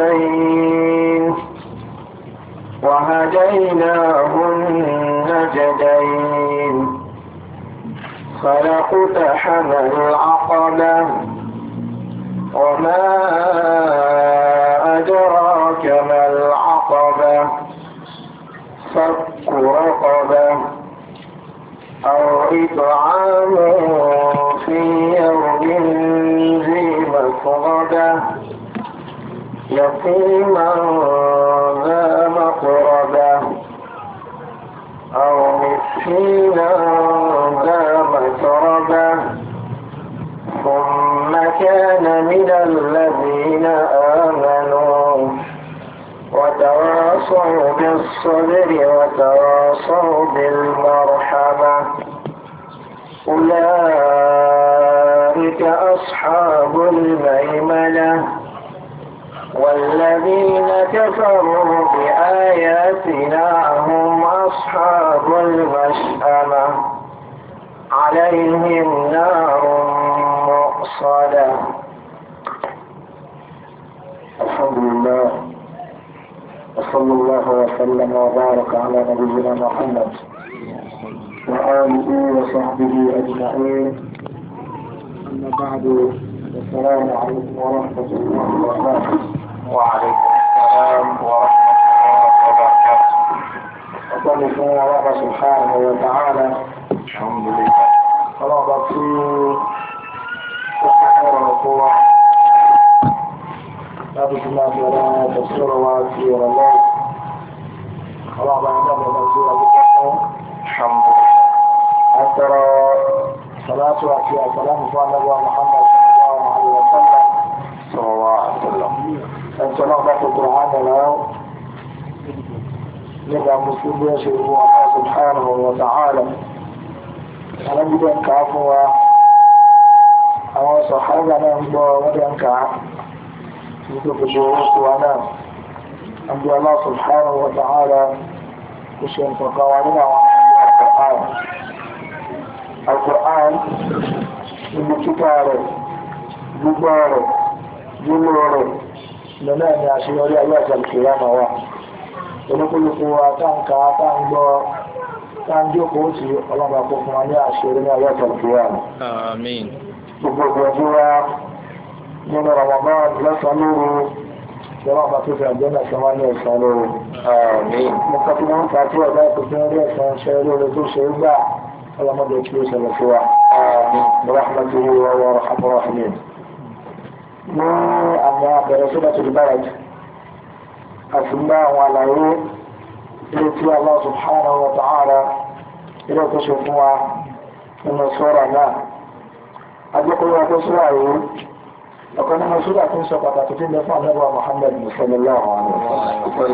السيف وهديناه النجدين فلقتحم العقبه أو مسكينا ذا مقربة ثم كان من الذين آمنوا وتواصوا بالصبر وتواصوا بالمرحمة أولئك أصحاب الميمنة الذين كفروا بآياتنا هم أصحاب المشأمة عليهم نار مؤصدة الحمد لله وصلى الله وسلم وبارك على نبينا محمد وآله وصحبه أجمعين أما بعد السلام عليكم ورحمة الله وبركاته وعليكم السلام ورحمة الله وبركاته أقول لكم الله سبحانه وتعالى الحمد لله الله بطير سبحانه وقوة نبي الله ولا تسير واتي ولا الله الله بأنه بطير بكم الحمد لله أترى صلاة وفي السلام فعلا أنت ما قطع القرآن لأو نبع مسلم يشير هو الله سبحانه وتعالى أنا بدي أنك عفوا أنا صحابة أنا أمدوا ودي أنك عفوا بدي بجوهوش وأنا أمد الله سبحانه وتعالى كشين فقوانين وعنى القرآن القرآن من كتاره مباره جمره lọ́nà ni àṣeyọrí ayé àjàlùkìyà máa wà olókòlùkù wa táǹkà táǹgbọ́ táǹjókòó tí ọlọ́mà kó fún wa ní àṣeyọrí ní ayé àjàlùkìyà àmín gbogbo ọjọ́ wa nínú ọmọmọ lọ́sàn lóru ìjọba ọba tó fi àjẹ́ náà wá ní ẹ̀sán lóru mo kọ́ fún wa. Bọ́lá Ahmed Tiwu ní àwọn àbẹ̀rẹ̀ sódà tó dára jù àti ní àwọn àlàyé ilé tí wa ta'ala ilé tó ṣe fún wa nínú sọ́ra náà agbẹ́kọ̀ọ́ ọkọ̀ sọ́ra yìí ọ̀kan nínú Muhammad sallallahu alaihi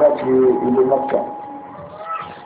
wa sallam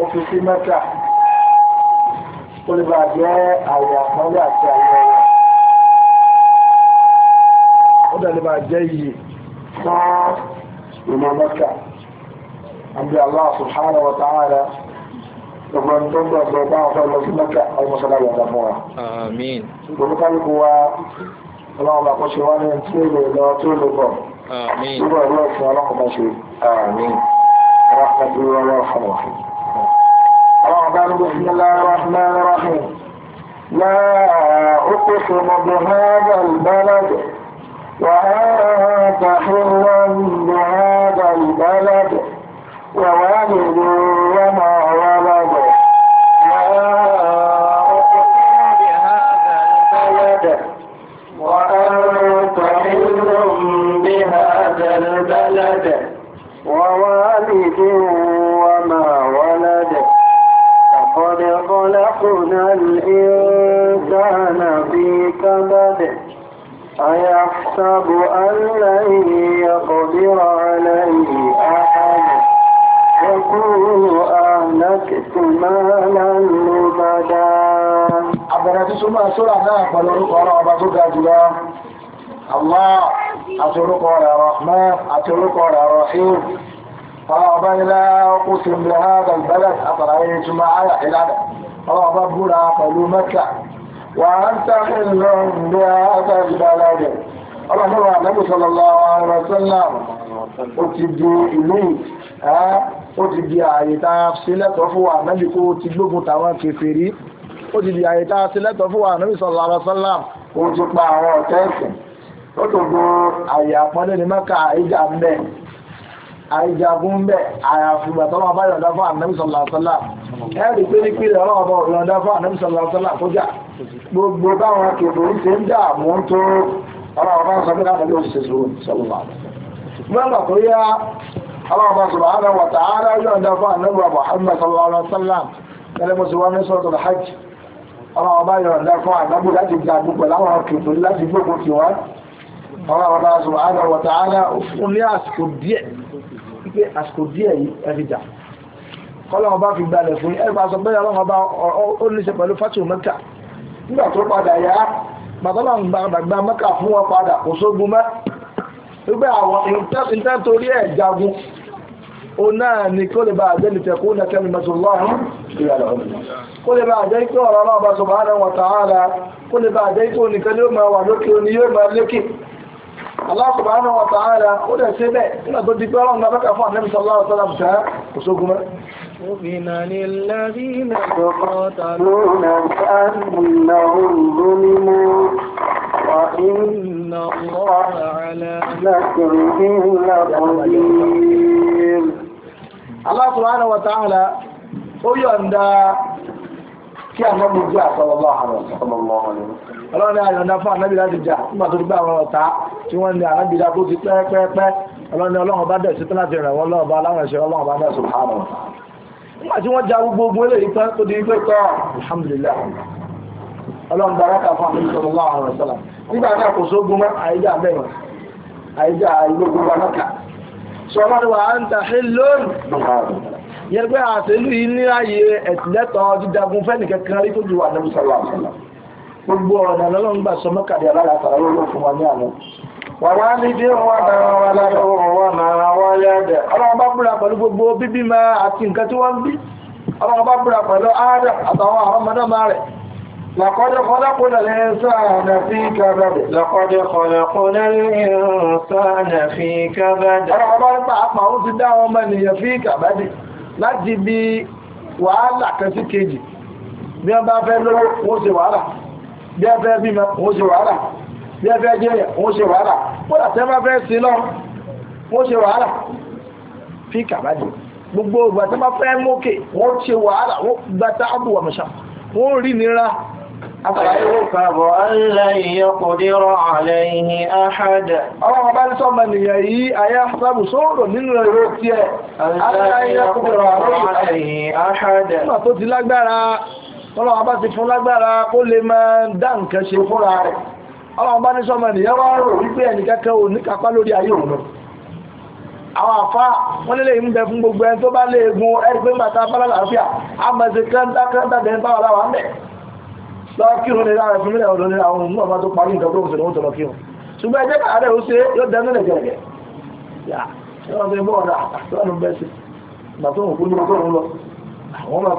ó fi sí mẹ́ta ó lè bá jẹ́ àwọ̀ àpọ́nlé àti àwọ̀ ẹ̀wọ̀ ó dẹ̀ lè bá jẹ́ iyì fún ìmọ̀ mẹ́ta àbí Allah subhanahu wa ta'ala ọgbọ̀n tó ń bọ̀ bá ọ̀fẹ́ lọ sí mẹ́ta ọmọsọ́lá yọ̀dá fún wa àmín gbogbo kálukú wa ọlọ́run bá kọ́ ṣe wá ní tí ó lè lọ tí ó lè bọ̀ àmín gbogbo ẹ̀rọ ìfún ọlọ́run bá ṣe àmín rahmatullahi بعد بسم الله الرحمن الرحيم لا أقسم بهذا البلد وأنت حلا بهذا البلد ووالد وما الرحيم قرب إلى أقسم بهذا البلد أفرأيت معي حلالا قرب هنا قالوا مكة وأنت حل بهذا البلد رحمه النبي صلى الله عليه وسلم ó ti di ìlú ó ti di ààyè tá a ṣe lẹ́tọ̀ọ́ fún wa nábì kó ti gbógun tàwọn kèfèrí ó ti di ààyè tá a ṣe lẹ́tọ̀ọ́ fún wa nábì sallallahu alaihi wasallam ó ti pa àwọn ọ̀tẹ́ẹ̀sìn ó tó gbọ́ àyè àpọ́nlé ní Mẹ́kà ìjà mẹ́rin àìjagun bẹ́ àyàfìgbà tọ́lọ́ bá yọ̀ǹda fún ànábì sallallahu alaihi wasallam ẹ̀rì pé ní pílẹ̀ ọlọ́wọ́ bá yọ̀ǹda alaihi wasallam kó jà gbogbo báwọn kèbèrè ṣe ń jà mú ń tó ọlọ́wọ́ bá sọ pé láti ló ṣe sùúrù sọlọ́wọ́ nígbà tó yá ọlọ́wọ́ bá subhanahu wa ta'ala yọ̀ǹda fún ànábì Muhammad sallallahu alaihi fún ní àsìkò díẹ̀ pé àsìkò díẹ̀ yìí ẹ̀fìjà kọ́lọ́wọ́ bá fi gbalẹ̀ fún ẹgbà sọ pé ọlọ́wọ́ bá ó ní ṣe pẹ̀lú fátìmù mẹ́kà nígbà tó padà yá bàtọ́lá ń gbàgbà mẹ́kà fún wọn padà kò sógun mẹ́ wípé àwọn ìtẹ́ torí ẹ̀ jagun ó náà ni kó lè bá àjẹ́ ní tẹ̀kú ní kẹ́mi mẹ́sùlọ́rùn kó lè bá Allah subhanahu wa ta'ala ó dẹ̀ ṣe bẹ́ẹ̀ nígbà tó di pé ọlọ́run bá fẹ́kà fún ànábì sallallahu alaihi wasallam ṣáá kò sógun mọ́. أذن للذين يقاتلون بأنهم ظلموا وإن الله على نصرهم لقدير Allah subhanahu wa ta'ala ó yọ̀ǹda kí ànábì jẹ́ sallallahu alaihi wasallam ọlọ́run ní àyọ̀ǹda fún ànábì láti jà nígbà tó gbé àwọn ọ̀tá tí wọ́n ní ànábì dá tó ti pẹ́ẹ́pẹ́ẹ́pẹ́ ọlọ́run ní ọlọ́run bá dẹ̀ sí tó láti rẹ̀ wọ́n lọ́wọ́ bá aláwọ̀ ẹ̀ṣẹ̀ ọlọ́run bá dẹ̀ sùn hàmù alhamdulillah ọlọ́run bá rákà fún ànábì sọ̀rọ̀ láwọn ọ̀rọ̀ sọ̀rọ̀ nígbà náà kò sógun mọ́ àyíjà bẹ́ẹ̀ àyíjà ìgbógun wa náà sọ̀rọ̀ wà ń ta hélòm yẹgbẹ́ àtẹ́lú yìí ní ààyè ẹ̀tìlẹ́tọ̀ dídagun fẹ́nìkẹ́kẹ́ rí tó ju wà nẹ́bùsọ̀rọ̀ àṣàlá gbogbo ọ̀nà lọ́lọ́run gbà sọ mọ́kàdé alálàtàrà lọ́wọ́ fún wa ní àná wà wá ní dé wọn náà wà lára wọn náà wọ́n lẹ́dẹ̀ ọlọ́run bá búra pẹ̀lú gbogbo bíbí máa àti nǹkan tí wọ́n bí ọlọ́run bá búra pẹ̀lú áádà àtàwọn àwọn ọmọdé máa rẹ̀ لقد خلقنا الإنسان في كبد لقد خلقنا الإنسان في كبد ربما أعطاه سداه من láti bí wàhálà kan sí kejì bí wọ́n bá fẹ́ lówó wọ́n ṣe wàhálà bí ẹ fẹ́ bí mẹ òun ṣe wàhálà bí ẹ fẹ́ jẹ́ yẹ òun ṣe wàhálà kódà tẹ́ bá fẹ́ sí lọ òun ṣe wàhálà fi kàbádì gbogbo ìgbà tẹ́ bá fẹ́ mókè wọ́n ṣe wàhálà wọ́n gbàtà àbúwà mọ̀ṣá wọ́n rí nira فيركب أن لن يقدر عليه tọ́lọ́ wọn bá ti fún lágbára kó lè máa dá nǹkan ṣe fúnra rẹ̀ ọlọ́run bá ní sọ́mọ ènìyàn wá rò wípé ẹnìkẹ́kẹ́ ò ní kápá lórí ayé òun lọ àwọn àfá wọ́n nílé ìmúbẹ fún gbogbo ẹni tó bá lè gun ẹgbẹ́ bàtà bálàlàáfíà àmàṣe kẹ́ńtàkẹ́ńtà bẹ̀rẹ̀ bá wàlá wà ń bẹ̀ lọ́kírun nílá rẹ̀ fún mílẹ̀ ọ̀dọ́ nílá ohun mú ọmọ tó parí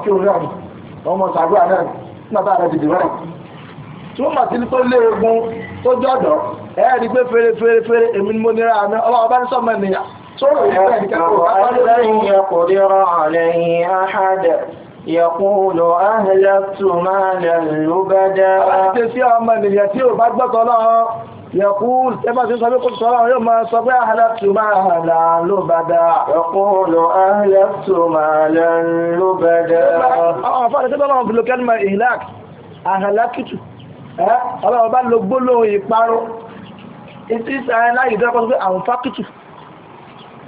ó ṣe yóò wọ́n mọ̀ sàgbé àná nígbàtà rẹ̀ ti dìbẹ̀rẹ̀ tí wọ́n màtí tó lé egun tó jọ́dọ̀ ẹ̀ẹ́dì pé fèrè fèrè fèrè èmi ni mo nira àmì ọlọ́wọ́ bá ní sọ́mọ ènìyàn sọ́rọ̀ ìgbẹ́ ìkẹ́kọ̀ọ́ Yẹ̀kúnlò ọmọ ènìyàn tí ò bá gbọ́tọ̀ يقول كما تسمي قلت صلاة يوم صبي أهلكت مالا لبدا يقول أهلكت مالا لبدا أه فأنا سبب الله في الكلمة إهلاك أهلكت أه الله بان لقبله يقبله إنتي سأنا يدرك أنفقت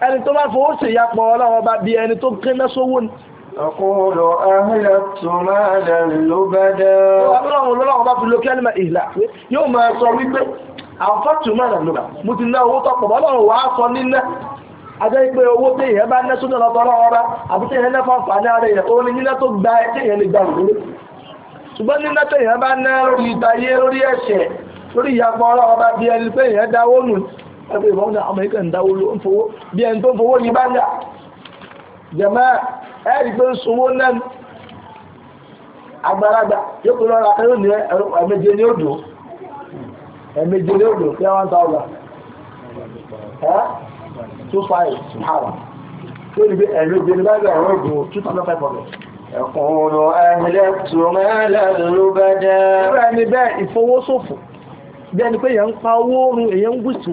ẹni tó bá fowó sí ìyapọ̀ ọlọ́wọ́ bá bí ẹni tó kéná sówó ní ọkùnrọ̀ ahìlá tó máa lẹ́rin ló bá dá ọlọ́run lọ́wọ́ bá fi lókè ẹnìmọ̀ ìlà yóò máa sọ wípé àwọn fọ́tù máa nà lóba mo ti ná owó tọ́pọ̀ ọlọ́run wàá sọ níná ajẹ́ pé owó tí èèyàn bá ná sódà lọ́tọ́ ọlọ́run àbí tí èèyàn ná fọ́nfà ní ara èèyàn ó tó gba ẹ tí lè gba òdòdó ṣùgbọ́n níná tí èèyàn bá ná lórí ìtayé lórí ẹ̀ṣẹ̀ lórí ìyàpọ̀ ọlọ́run ẹgbẹ́ ìbọn náà ọmọ ikẹ̀ ń ló ń fowó bí ẹni tó ń fowó ní báńgà jẹ̀mọ́ ẹ̀rí pé ń sunwó lẹ́nu agbáradà yóò lọ́ra ẹ̀rọ ní tó mẹ́lẹ̀ ló bẹ́ jẹ́. Ẹ̀rọ ẹni bẹ́ẹ̀ ìfowósòfò bí ẹni pé èèyàn ń pa owó oorun èèyàn ń gbìsù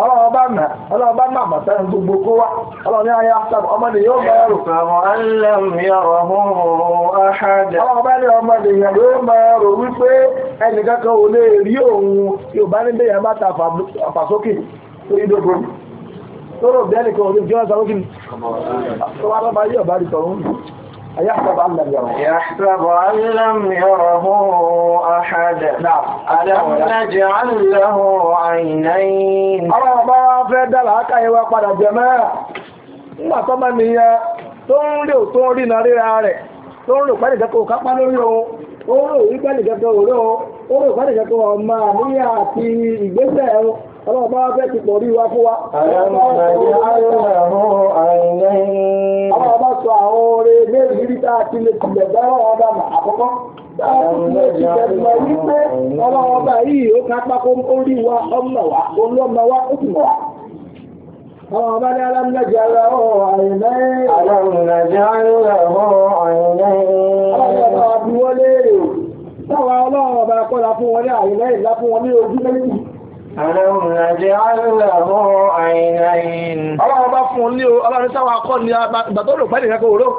ọlọ́wọ́ bá mẹ́ ọlọ́wọ́ bá máa mọ̀tẹ́rin gbogbo kó wá ọlọ́wọ́ ní ayé aftab ọmọdé yóò mẹ́rù ọlọ́wọ́ ọmọdé yẹn yóò mẹ́rù wípé ẹnìkankan ò lè rí òun yóò bá níbẹ̀ yẹn bá ta àfàsókè tó yí dógó tó rò bí ẹnìkan ò lè jẹ́ ọ̀sán lókè أيحسب أن لم يره يحسب أن لم يره أحد نعم ألم نجعل له عينين أرى ما في دلعك أيوة قد جماعة ما طبعا هي تنري وتنري نري عليه تنري وقال لك وكفى نري oró ìgbẹ́lì gẹ́gẹ́ oró oró ìgbẹ́lì gẹ́gẹ́ ọmọ àníyà àti ìgbésẹ̀ ọlọ́ọ̀bá fẹ́ ti pọ̀ rí wa fún wa. Àwọn ọmọ ìyá ayé ẹ̀rọ ti lè kọ̀lẹ̀ bára ọba mà àkọ́kọ́ báyọ̀ ti tẹ̀síwá wípé ọlọ́wọ́ bá yìí ó ká pákó orí wa ọmọ wa olóòmọ wa ó sì wà. Àwọn ọba ní alámúnájì ara ọ̀ àyìnlá ẹ̀. Alámúnájì ara ọ̀ àyìnlá ẹ̀. Ọlọ́wọ́ bá wa bí wọ́n léèrè o. Táwọn ọlọ́wọ́ bá kọ́ra fún wọn ní àyìnlá ìlá fún wọn ní ojú fún ní o, ọlọ́run táwọn akọ́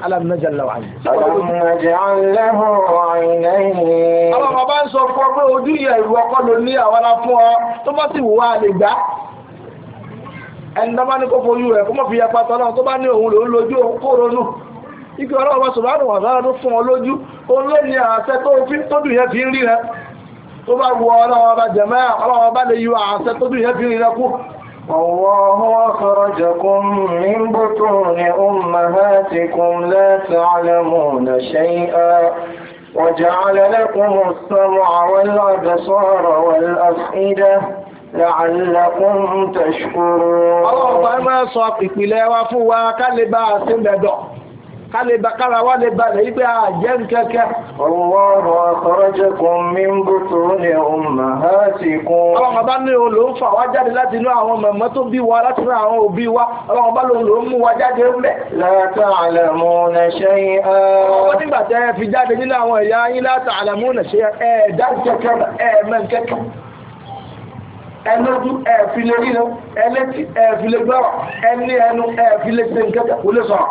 alam najal lahu ayn. alam najal lahu aynayn. àwọn ọmọ bá ń sọ fún ọ pé ojú ìyá ìlú ọkọ ló ní àwọn ará fún ọ tó bá sì wà lè gbá. ẹni tó bá ní kó fojú rẹ̀ kó mọ̀ fi yapa tọ́lá tó bá ní òun lòún lójú òun kó ronú. ike ọlọ́run bá sọ̀rọ̀ àdùn wàhálà fún ọ lójú òun ló ní àṣẹ tó fi tójú yẹn fi ń rí rẹ. tó bá wọ ọlọ́run ọba jẹ̀mẹ́ ọlọ́run الله أخرجكم من بطون أمهاتكم لا تعلمون شيئا وجعل لكم السمع والأبصار والأفئدة لعلكم تشكرون الله ما صاحب لا وفوا كالباس سنددو kára wá lè balẹ̀ wípé a ah, jẹ́ nkẹ́kẹ́ Allahu akhrajakum min butuni ummahatikum ọlọ́run bá ní òun ló ń fà wá jáde láti inú àwọn mọ̀mọ́ tó bí wa ẹ̀fìlẹ̀ ríran ẹlẹ́tì ẹ̀fìlẹ̀ gbọ́rọ̀ ẹni ẹnu ẹ̀fìlẹ̀ ṣe nǹkan kò lè sọ̀rọ̀.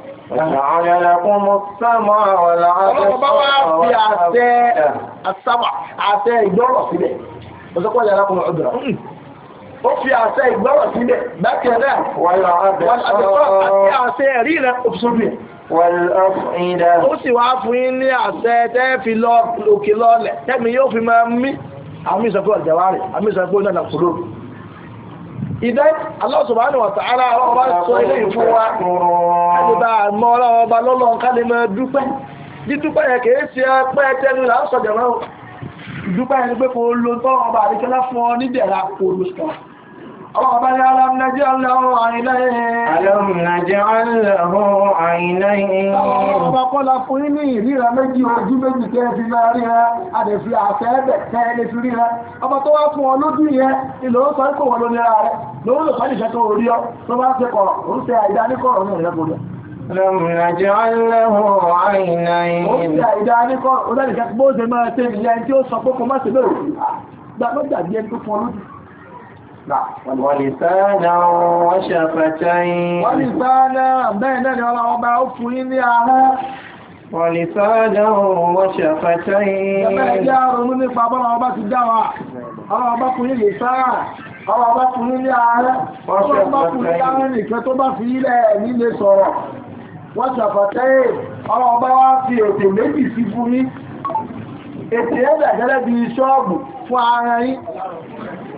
Jàálẹ̀ lẹ́kún mú sẹ́mọ̀ ọ̀lá àṣẹ ìgbọ́rọ̀ sílẹ̀. Ọ̀sọ́kọ́ yàrá kún ọdún rẹ̀. Ó fi àṣẹ ìgbọ́rọ̀ sílẹ̀ bẹ́kẹ̀ náà wọ́n yà àṣẹ ẹ̀rí rẹ̀ òṣùbì. Ó sì wá fún yín ní àṣẹ tẹ́ fi lọ òkè lọ́lẹ̀ tẹ́mi yóò fi máa mí. Àmì ìsọ̀kọ́ ọ̀jẹ̀wárì, àmì ìsọ̀kọ́ náà kúrò ìdán Allah subhanahu wa ta'ala ọba sọ ilé ìfún wa àdìbà àmọ́ ọlọ́wọ́ ọba lọ́lọ́n kálí mọ́ dúpẹ́ dídúpẹ́ yẹ kìí ṣe pẹ́ tẹ́nu là ń sọ̀jọ̀ náà dúpẹ́ yẹn pé kò lóńtọ́ ọba àdìkẹ́lá fún ọ nídẹ̀ẹ́ra kò lóṣùkọ́ ربنا لم نجعل له عينين ألم نجعل له عينين ọba kọ́lá fún yín ní ìríra méjì ojú méjì tẹ́ fi máa ríra àdẹ̀fì àṣẹ ẹ̀bẹ̀ tẹ́ lè fi ríra ọba tó wá fún ọ lójú yẹn ìlò ó sọ ikọ̀ wọn ló nira rẹ lórí lò sọ́dìṣẹ́ tó rí ọ tó bá ṣe kọ̀rọ̀ ó ṣe àìdá ní kọ̀rọ̀ ní ìrẹ́pọ̀ rẹ̀. لم نجعل له عينين. ó ṣe máa ṣe ìyẹn tí ó sọ pé kò má ṣe Wàlìsáàdà wọ́ṣe àfẹ́tẹ́yìn. Wàlìsáàdà bẹ́ẹ̀ dẹ́dẹ̀ ọlọ́ọba ó fún yí ní ahọ́n. Wàlìsáàdà wọ́ṣe àfẹ́tẹ́yìn. Ẹgbẹ́ ẹjá ronú nípa bọ́lọ́ọba ti dáwà. Ọlọ́ọba fún yí lè sáà àwọn abákùnrin ní ààrẹ ọ̀ṣọ́ abákùnrin láàrin nìkan tó bá fi ilẹ̀ nílé sọ̀rọ̀ wọ́n ṣàfàtẹ́ ọ̀rọ̀ ọba wá fi ètò méjì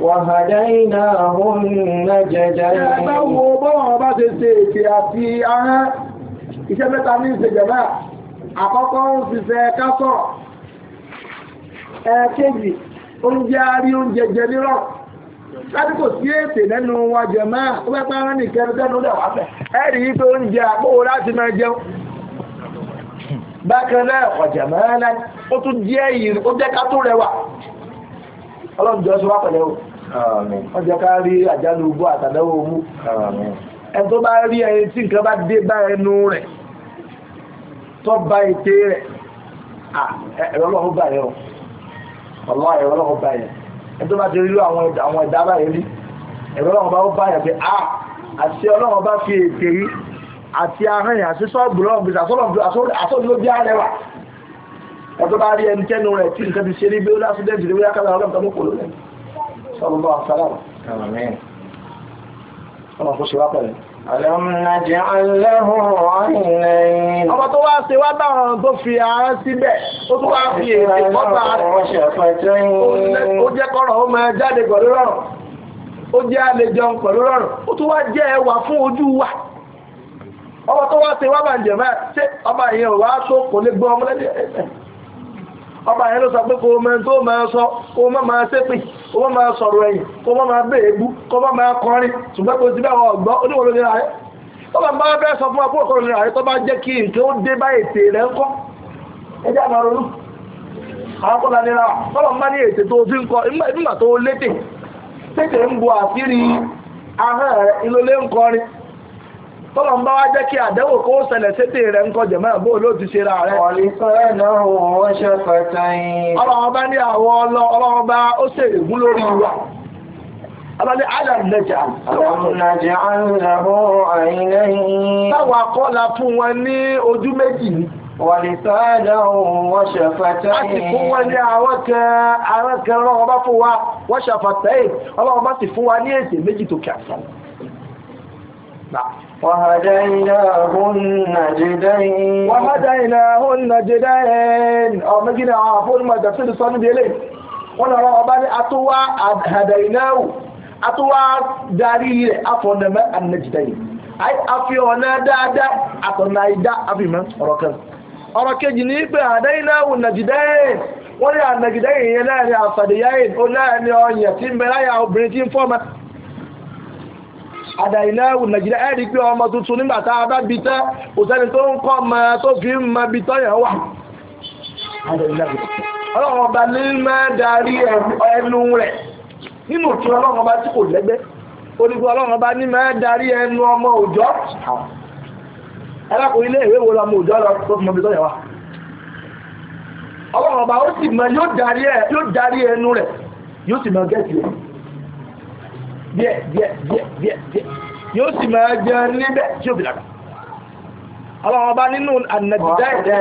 وهديناه النجدين ẹgbẹ́wò bọ́wọ́ bá ṣe ṣe ètè àti ahán iṣẹ́ mẹ́ta ní ìṣèjọba àkọ́kọ́ ń ṣiṣẹ́ kásọ̀ ẹ̀ẹ́kejì oúnjẹ arí oúnjẹ jẹ nírọ̀ láti kò sí ètè lẹ́nu wa jẹ máa ó fẹ́ pẹ́rán nìkan tẹ́nu dẹ̀ wá fẹ́ ẹ̀rí yìí tó oúnjẹ àpòwò láti máa ọ̀jẹ̀ máa lẹ́nu ó tún jẹ́ ìrìn ó jẹ́ ká tó rẹwà ọlọ́run jọ sí wá pẹ̀lẹ́ o wọ́n jẹ́ ká rí àjálù ogbó àtàdáwò mú ẹ tó bá rí ẹni tí nǹkan bá dé bá ẹnu rẹ̀ tó bá ète rẹ̀ ẹ̀rọ ọlọ́run bá yẹn o ọlọ́ ẹ̀rọ ọlọ́run bá yẹn ẹ tó bá ti rí àwọn ẹ̀dá báyẹn rí ẹ̀rọ ọlọ́run bá ó bá yẹn pé a àti ọlọ́run bá fi ète rí àti ahọ́n àti sọ́ọ̀bù lọ́rùn sallallahu alaihi wasallam àmín ọmọ kó ṣe wá pẹ̀lú Alam naj'al lahu 'aynayn. Ọmọ tó wá ṣe wá dáhùn tó fi ara síbẹ̀, ó tó wá fi èdè Ó jẹ́ pẹ̀lú rọrùn. Ó wá jẹ́ ẹwà fún ojú wà. Ọmọ tó wá ṣe wá ọba kó ma máa sọ̀rọ̀ ẹ̀yìn kó ma máa bẹ̀ ẹ̀gbú ma ya máa kọrin ṣùgbọ́n sí bẹ́ẹ̀ ọ̀gbọ́n oníwọ̀n lórí ààrẹ tó bá máa bẹ́ẹ̀ sọ fún apó ọ̀kọ́ lórí ààrẹ tó bá jẹ́ kí nǹkan ó dé bá ètè rẹ̀ ń kọ́ ẹjẹ́ àwọn kọ́lá ní tọ́lọ̀ ń bá wá jẹ́ kí àdẹ́wò kó ṣẹlẹ̀ sétè rẹ̀ ń kọjẹ̀ mẹ́rin bó ló ti ṣe ra rẹ̀. ọlọ́run bá ní àwọn ọlọ́run bá ó ṣe ègún lórí wa abali alam naja naja alahu ainihin táwa kọ́la fún wọn ní ojú méjì wàlìsáàdà ohun wọ́n ṣàfàtà yìí a sì fún wọn ní àwọn kan rán fún wa wọ́n ṣàfàtà yìí ọlọ́run bá sì fún wa ní èsì méjì tó kí wọ́n lọ́rọ̀ ọba ní àtúwà àdàìnáwò àtúwà darí rẹ̀ afọ̀nàmẹ́ ànàjìdáyì àfihànà dáadáa àtọ̀nà ìdá àfihàn ọ̀rọ̀ kan ọ̀rọ̀ kejì ní pé àdàìnáwò nàjìdáyì wọ́n rí ànàjìdáyì yẹn láàrin àfàdìyáyì ó láàrin ọyẹ̀ tí mẹ́ráyà obìnrin tí ń fọ́mọ́ àdàìlẹ́ nàìjíríà ẹ̀rí pé ọmọ tuntun nígbà tá a bá bi tẹ́ kò sẹ́ni tó ń kọ́ ọmọ tó fi ń mọ ibi tọ́yàn wà ọlọ́run ọba ní máa darí ẹnu rẹ̀ nínú òtún ọlọ́run ọba tí kò lẹ́gbẹ́ onígbó ọlọ́run ọba ní máa darí ẹnu ọmọ òjọ́ ẹlẹ́kùn ilé ìwé wo lọmọ òjọ́ lọ tó fi mọ ibi tọ́yàn wà ọlọ́run ọba ó sì mọ yóò darí ẹnu rẹ̀ yóò sì mọ gẹ́ẹ̀tì rẹ̀ díẹ̀ díẹ̀ díẹ̀ díẹ̀ díẹ̀ yóò sì máa jẹ níbẹ̀ tí ó bìlára àwọn ọba nínú ànàjídá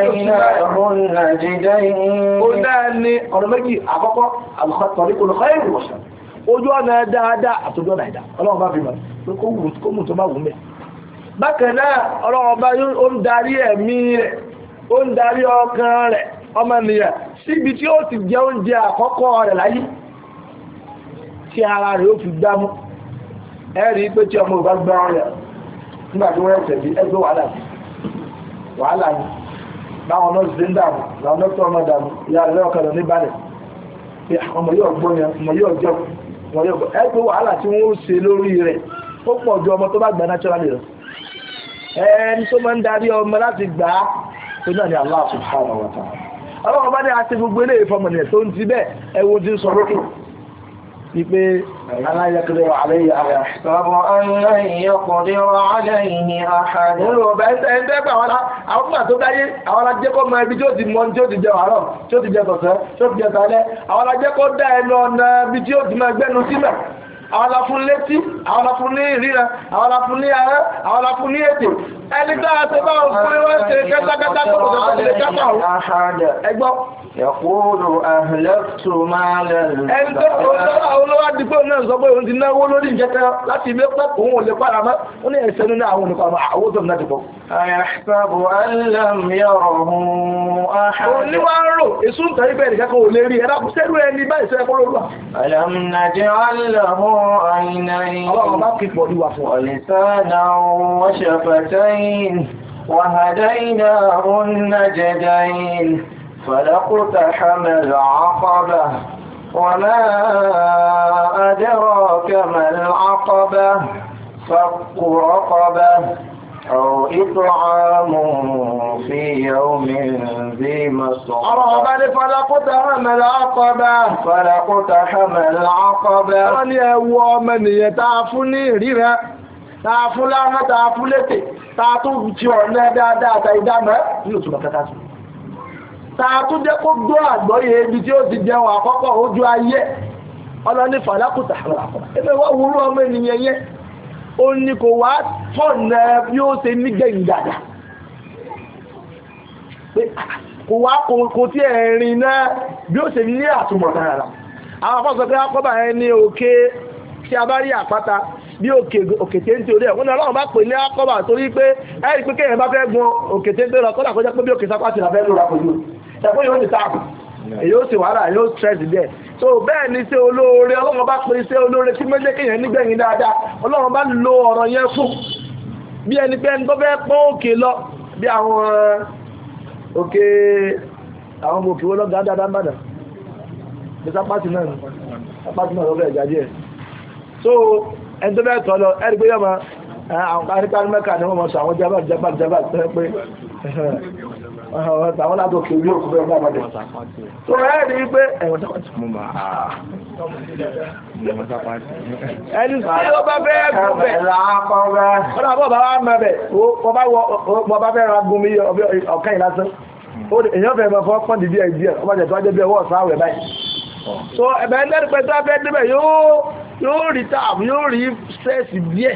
ojú ọ̀nà dáadáa àtòjú ọ̀nà ìdá ọlọ́run bá fi mọ̀ pé kó wù kó mù tó bá wù mẹ́ bákan náà ọlọ́run bá ó ń darí ẹ̀mí rẹ̀ ó ń darí ọkàn rẹ̀ ọmọnìyàn síbi tí ó ti jẹ oúnjẹ àkọ́kọ́ rẹ̀ láyé tí ara rẹ̀ ó fi gbámú ẹ̀rí pé tí ọmọ ọ̀rẹ́ wọ́n ẹ̀sẹ̀ bí ẹgbẹ́ wàhálà wàhálà báwọn ọmọ dààmú ìyá rẹ̀ lọ́kàn lọ níbalẹ̀ ọmọ yóò gbọ́ yẹn ọmọ yóò jẹ́ ọmọ yóò gbọ́ ẹgbẹ́ wàhálà tí wọ́n lórí rẹ̀ ó pọ̀ ju ọmọ tó bá gbà naturally lọ ẹni tó máa ń darí ọmọ láti gbà á náà ni wípé aláyẹ̀kọ́dẹ̀ àlẹ́yìn àrẹ̀ ṣọ́bọ̀ aláyẹ̀kọ́dẹ̀ àlẹ́yìn àhàdẹ̀ ọ̀bẹ̀ ẹgbẹ́gbà wọn àwọn ọmọ tó dáyé àwọn alájẹ́kọ́ mọ ibi àwọn la fún létí àwọn la fún ní ìríra àwọn la fún ní ara àwọn la fún ní ètè ẹni dáa ṣe bá wọn fún wọn ṣe kẹtàkẹtà tó kò tó lè kẹta o ẹgbọ́. yàkúrò àhìlẹ́tù máa lẹ́nu. ẹni tó kò sọ́ra olówó dìgbò náà sọ pé òun ti náwó lórí ìjẹta láti ilé pẹ́ òun ò lè para tó kò lè kò sẹ́rù عينيه ولسانا وشفتين وهديناه النجدين فلقتحم العقبة وما أدراك ما العقبة فك رقبة أو إطعام في يوم ذي مسقطة أرغب فلقتهم العقبة فلقتهم العقبة wọ́n ní ẹwọ ọmọ ènìyàn táa fún ní ìríra táa fún láhán táa fún létè táa tún ti ọ̀nà dáadáa àtà ìdámẹ́ nínú ìtumọ̀ ó ní kò wá tọ̀nà bí ó ṣe ní gẹ̀ǹgàdà ah, ah, kò wá kò tí ẹ̀rin náà bí ó ṣe ní àtúmọ̀ dára àwọn afọ́sọ pé akọ́bà ah, ẹ ní òkè tí a bá rí àpáta bí òkè ń tí orí ẹ̀ wọ́n bá pè ní akọ́bà torí pé ẹ̀rí pé kéèyàn bá fẹ́ gun òkè ń tí ó lọ kọ́dà pé bí òkè sápá ti rà fẹ́ lóra pẹ̀lú ẹ̀kọ́ yóò ní táàkù èyí ó sì wàhálà yóò stress díẹ̀ so bẹ́ẹ̀ ni iṣẹ́ olóore ọlọ́run bá pe iṣẹ́ olóore tí méjì kéèyàn nígbẹ̀yìn dáadáa ọlọ́run bá lo ọ̀rọ̀ yẹn fún bí ẹni pé ẹni tó fẹ́ pọ́n òkè lọ bí àwọn òkè àwọn ọmọ òkè wọ́n lọ́gàá dáadáa mbàdà bí sápátì náà sápátì náà lọ́gàá ìjà díẹ̀ so ẹni tó fẹ́ tọ́ lọ ẹni pé yọ̀mọ̀ àwọn káríkárí mẹ́ka ni wọ́n mọ̀ sọ àwọn jábàjábàjábà pé àwọn látòkè orí òkú bẹ́ẹ̀ máa bàjẹ́ tó ẹ́ rí pé ẹ̀wọ̀n sápá ti mú máa ah. ẹ̀wọ̀n sápá ti ẹni sí ọba bẹ́ẹ̀ gùn bẹ́ẹ̀ ọ̀nà àbọ̀ bàbá máa bẹ̀ ọba fẹ́ ra gùn mí ọ̀kẹ́ ìlásán èyàn fẹ́ mọ̀ fọ́ pọ́n dìdí ẹ̀dí ẹ̀ ọba jẹ̀ tó wájẹ́ bí ọwọ́ ọ̀sán àwẹ̀ báyìí so ẹ̀bẹ̀ ẹ̀dẹ́rìpẹ́ tó wá fẹ́ débẹ̀ yóò rí táàmù yóò rí stress díẹ̀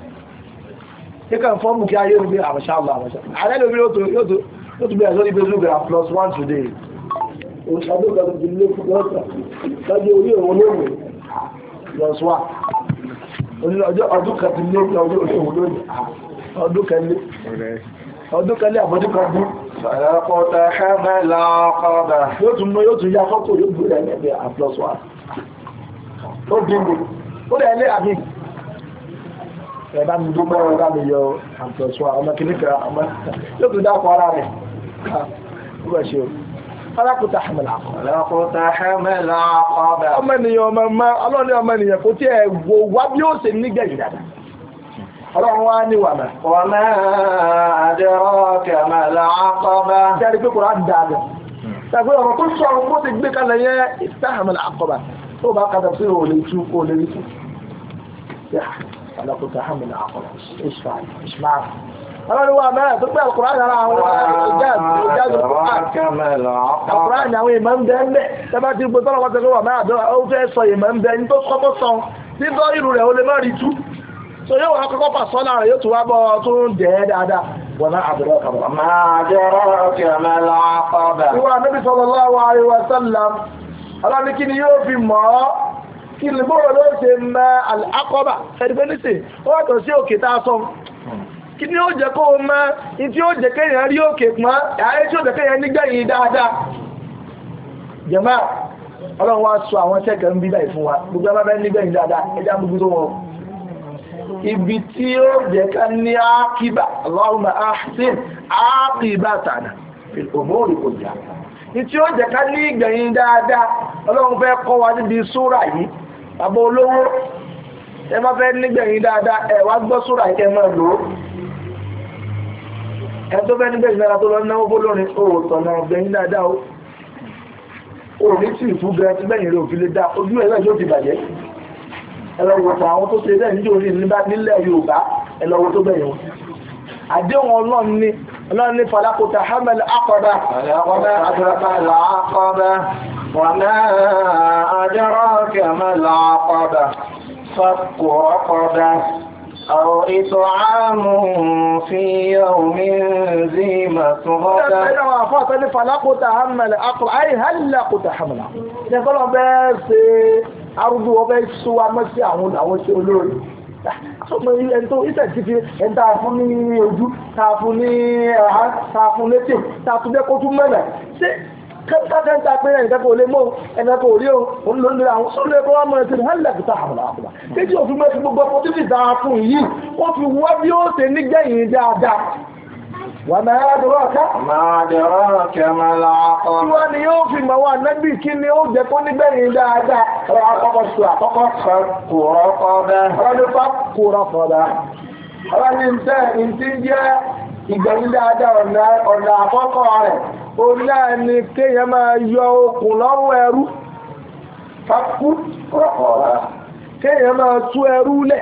kan fọ́ọ̀mù kí ayé rúgbé àmàṣà àmàṣà àmàṣà àrẹ́ lóbi yóò tó bẹ̀rẹ̀ sórí facebook and ah, plus one today ọdún kan ah, yóò tún mọ́ yóò tún yá fọ́tò yóò gbé rẹ̀ lẹ́gbẹ̀ẹ́ ah, plus ó dín mi àbí ẹ̀dá mi dúpọ̀ ẹ̀dá mi yọ àtọ̀sọ́ ọmọ kìnnìkan ọmọ yóò tún dákọ̀ ara rẹ̀ ọmọ ṣe o alákòóta hamila alákòóta hamila ọ̀bẹ. ọmọ ènìyàn ọmọ ẹ̀ma ọlọ́ọ̀ni ọmọ ènìyàn kò tí ẹ̀ wò wá bí ó ṣe nígbẹ̀yìn dáadáa ọlọ́run wá ní wàmà. wàmà àdẹ́rọ́kẹ̀ màlá àkọ́bá. sẹ́ni pé kò rà dáadáa. tàbí ọ̀rọ̀ tó sọ ọ̀rọ̀ tó ti gbé kalẹ̀ yẹn ìtàhàmàlà àkọ́bá. tó bá kàtà sí òòlù فلقد تحمل عقل اشفع اشفع ọlọ́run wà mẹ́rẹ̀ tó pẹ́ ọkùnrin ara àwọn ìjáàzù ọkùnrin ni àwọn ìmọ̀ ń bẹ ń bẹ tẹ́bá ti gbé tọ́lọ̀ wọ́n tẹ́lẹ̀ wà mẹ́rẹ̀ àdọ́ ó fẹ́ sọ ìmọ̀ ń bẹ ní tó kọ́kọ́ sọ ní bọ́ ìrù rẹ̀ ó lè mọ́ rí tú so yóò wọ́n kọ́kọ́ pàṣọ náà rẹ̀ yóò tún wá ìwà níbi sọ̀rọ̀ àríwá sálàm ọlọ́run ni yóò fi mọ̀ kí lè bọ́rọ̀ ló ṣe mẹ́ àkọ́bà ẹ̀dùgbẹ́ nísìn ó wàtọ̀ sí òkè tá a sọ kí ni ó jẹ́ kó o mẹ́ ní tí ó jẹ́ kéèyàn rí òkè pọ́n ààrẹ tí ó jẹ́ kéèyàn nígbẹ̀yìn dáadáa jẹ̀má ọlọ́run wá sọ àwọn tẹ́kẹ̀ ń bíbá ìfún wa gbogbo abábẹ́ nígbẹ̀yìn dáadáa ẹjá gbogbo tó wọn ibi tí ó jẹ́ ká ní ákíbà Allahumma ahsin ákíbàtana fil umuri kulliha ní tí ó jẹ́ ká ní ìgbẹ̀yìn dáadáa ọlọ́run fẹ́ kọ́ wa níbi súrà yìí bàbá olówó ẹ bá fẹ́ nígbẹ̀yìn dáadáa ẹ gbọ́ sóra ẹ máa ẹ tó fẹ́ nígbẹ̀yìn dáadáa tó lọ náwó bó lórin ọ̀gbẹ̀yìn dáadáa ó òní tí ìfú gan ti bẹ́yìn rẹ̀ lè dá ojú ẹ̀rọ yóò ti tó bẹ̀yìn àdéhùn ọlọ́n ní ọlọ́n ní fàlákòtà hamel àkọ́dá او اطعام في يوم زيمة غدا انا وافات اني فلاقو تحمل اقر اي هلاقو تحمل اقر لقد قلوا بس ارضو وبيسوا مسيحون او سيولوني sọ́mọ ẹni tó ìṣẹ̀ ti fi ẹ̀dá fún ní ojú tààfún ní ẹ̀há tààfún létí tààfún jẹ́ kó tún mẹ́rẹ̀ ṣé kẹ́kẹ́kẹ́ta pé ẹ̀ǹkẹ́ kò lè mọ́ ẹ̀ǹkẹ́ kò rí òun ló ń lè àwọn sọ́lẹ̀ ẹ̀kọ́ wà wàmà àdúrọ̀ká màdìrọ̀kẹ́ màláàkọ́ tí wọ́n ni yóò fi mọ̀ wọ́n nẹ́bí kí ni ó jẹ́ kó nígbẹ̀yìn dáadáa rọ àkọ́kọ́ sí àkọ́kọ́ kòrọ́kọ́dá rọ́dúnfà kòrọ́kọ́dá ọ̀rọ̀ ní tẹ́ ìtí jẹ́ ìgbẹ̀yìn dáadáa ọ̀nà àkọ́kọ́ rẹ̀ ó náà ni kéèyàn máa yọ okùn lọ́rùn ẹrú fákú kòrọ́kọ́dá kéèyàn máa tú ẹrú lẹ̀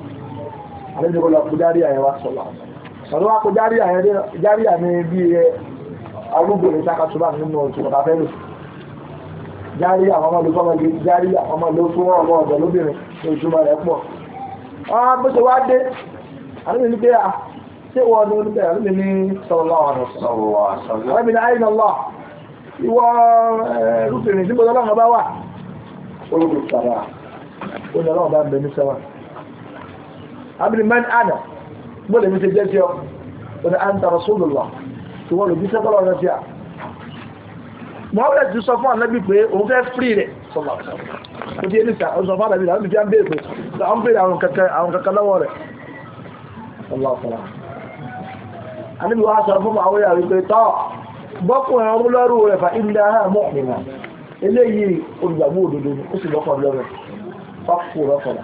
àlejò kò lọ kó járíà yẹn wá sọ̀lá ọ̀dọ́ wa kó járíà yẹn járíà ní bí ẹ arúgbó ní sákàtúbà nínú ọ̀tún ọ̀tà fẹ́lẹ̀ járíà ọmọ ló sọ́mọ gé járíà ọmọ ló fún ọmọ ọ̀dọ̀ lóbìnrin ní ìṣúmọ̀ rẹ̀ pọ̀ ọmọ bó ṣe wá dé àlejò ní pé à ah, ṣé wọ́n ní oníbẹ̀ àlejò ní sọ̀rọ̀ lọ́wọ́ ìwọ ẹ̀rùfèrè nígbọ́dọ̀ lọ́wọ́ bá wà olùkùsàrà ó abiri man ana bọ́ọ̀lù mi ti jẹ́ sí ọ ọ̀nà anta rasulullah tí wọ́n lò bí sẹ́kọ̀lọ́ ọ̀nà sí à Muhammad ti sọ fún ànábì pé òun fẹ́ fírí rẹ̀ sọ̀rọ̀ ó ti ẹni sà ó sọ fún ànábì láti fi á ń bèèrè pé àwọn bèèrè àwọn kankan lọ́wọ́ rẹ̀ sọ̀rọ̀ ànábì wa sọ fún àwọn yàrá pé tọ́ bọ́kùnrin ọmọ lọ́rù rẹ̀ fa ilẹ̀ ha mọ́ ìmọ̀ eléyìí olùgbàgbọ́ òdodo ó sì lọ́kọ̀ọ́ lọ́rẹ̀ fáfù rọ́kọ̀ọ́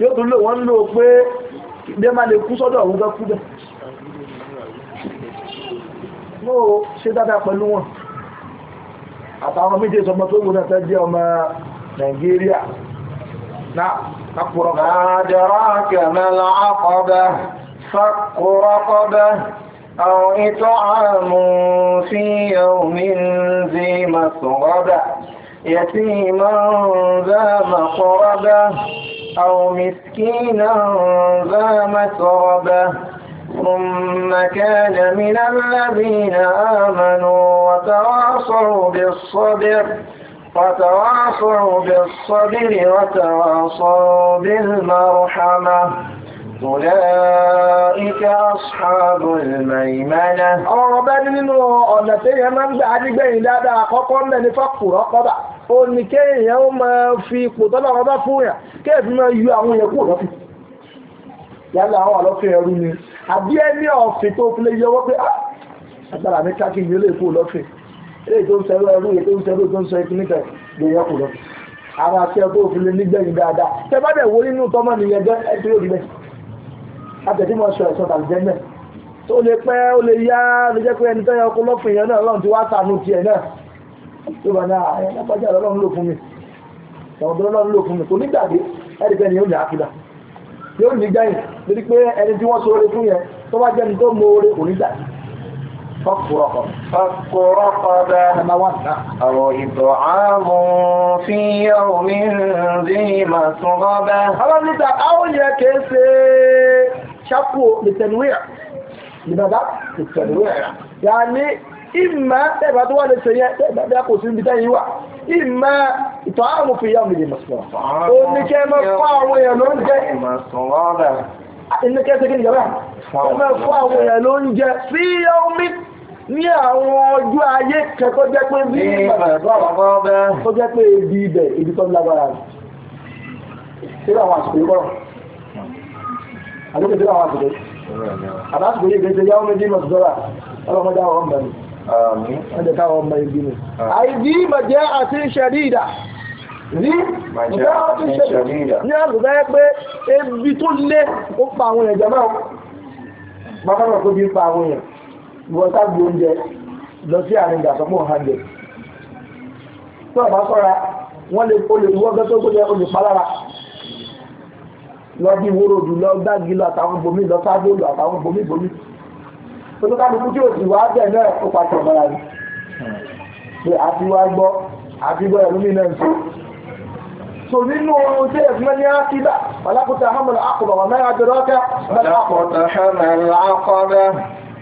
yóò tún lò wọ́n lò pé bí ma lè kú sọ́dọ̀ òun gọ́ kú bẹ̀ mọ́ ṣe dáadáa pẹ̀lú wọn àtàwọn méjèèjì ọmọ tó wùn náà jẹ́ ọmọ Nàìjíríà náà kàkùrọ̀ àjọrọ̀ kẹmẹ́lá àwọn ìtọ́ àmú sí omi ń zí masọ̀rọ̀dà yẹtí mọ́ ń zá masọ̀rọ̀dà أو مسكينا ذا مسربة ثم كان من الذين آمنوا وتواصوا بالصبر وتواصوا بالصبر وتواصوا بالمرحمة أولئك أصحاب الميمنة ọ̀rọ̀ bẹ́ẹ̀ nínú ọ̀nà tí èèyàn máa gbà nígbẹ̀yìn dáadáa àkọ́kọ́ ní ó máa fi ipò tọ́lá bá fún yàn kéèfì máa yú àwọn èèyàn kúrò lọ́fì yálà àwọn àlọ́fẹ́ ẹrú ni àbí ẹni ọ̀fìn tó ah, mi n kúrò tó àwọn àtẹ̀dímọ̀ ṣọ ẹ̀ṣọ́ tàbíjẹ́mẹ̀ tó lè pẹ́ ó lè yá lè jẹ́ pé ẹni tó yẹ ọkọlọ́pìn yẹn náà lọ́n ti wá sànú tiẹ̀ náà tó bá náà ẹ̀yẹ lápájá lọ́n lò fún mi ẹ̀wọ̀n tó lọ́n lò fún mi kò ní gbàgbé ẹ̀rìkẹ́ ni yóò ní àkúdà yóò ní gbẹ̀yìn lórí pé ẹni tí wọ́n so oore fún yẹn tó bá jẹ́ni tó mọ oore kò ní gbàgbé فقرقب فقرقب أو شطو للتنويع لماذا؟ للتنويع يعني إما تبقى دول السيئة تبقى قوسين بتاعي هو إما إطعام في يوم دي مسكرة وإن كان مفقع ويلون جاي إن كان سكين جماعة مفقع ويلون جاي في يوم ní àwọn ọjọ́ ayé kẹ́kọ́ jẹ́ pé bí ìgbàgbọ́ jẹ́ pé ibi ibẹ̀ ibi tó lágbára rẹ̀ a lokacin awa su dai a za su guri gaisa yawon mai jima su zara alamada wa wambari wanda kawo wambari biyu ai bi ma jẹ́ àti ṣàdídà ní ìjọ́ àti ṣàdídà ní àgùdá ẹ pé ebi tó lé ó pa àwọn èèyàn jẹ́mọ́ bàbá náà tó bí pa àwọn èèyàn wọ́n sá gbé oúnjẹ lọ sí àárín ìdàsọ́pọ̀ hàndẹ̀ tó àbá sọ́ra wọ́n lè wọ́gẹ́ tó gbé olùpalára lọ bí wórodù lọ gbági lọ àtàwọn bomi lọ sábóòlù àtàwọn bomi bomi olùkàdùkú tí ò sì wá bẹ̀ náà ó pàṣẹ ọ̀bọ̀ra rẹ̀ pé àti wá gbọ́ àti gbọ́ ẹ̀rú mi náà ń sọ so nínú ohun tí ẹ̀fún ní ákídà alákòóta hamil akọ̀bà mẹ́rin àjọ̀dọ́kẹ́ mẹ́rin akọ̀bà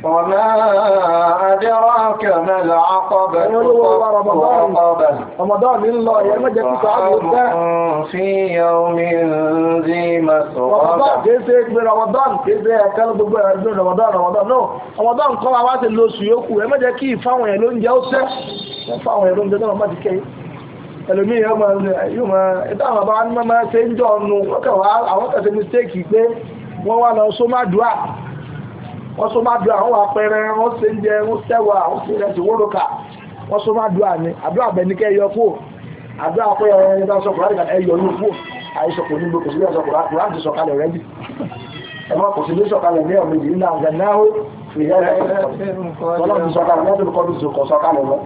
وما أدراك ما العقبة رمضان رمضان الله يا مجد في يوم ذي مسربة رمضان كيف يكبر رمضان كيف يكال gbogbo ẹ̀rọ ramadan ramadan no ramadan kọ́ wa wá sí lóṣù yòókù ẹ má jẹ́ kí ìfáwọn ẹ̀ ló ń jẹ ó sẹ́ fáwọn ẹ̀ ló ń jẹ náà má ti kẹ́ ẹlòmíì yóò máa yóò máa ìtàwọn bàbá máa ṣe ń jọ ọ̀nù wọ́n sọ má dùn àwọn àpẹẹrẹ wọ́n ṣe ń jẹ wọ́n sẹ́wà wọ́n ṣe rẹ̀ sí wóróka wọ́n sọ má dùn àní àdúrà bẹ̀nikẹ́ ẹyọ kú àdúrà pé ẹ̀rọ ẹni bá sọkùnrin àdìgbà ẹyọ ní kú àìsọkùn nígbò kò sí bí ọsọkùnrin àti sọ̀kalẹ̀ rẹ̀ bí ẹ̀mọ́ kò sí bí sọ̀kalẹ̀ ní ọ̀mẹjì nínú àgbẹ̀náhó Ọlọ́run sọ̀kalẹ̀ lọ́dún kọ́dún sọ̀kalẹ̀ lọ.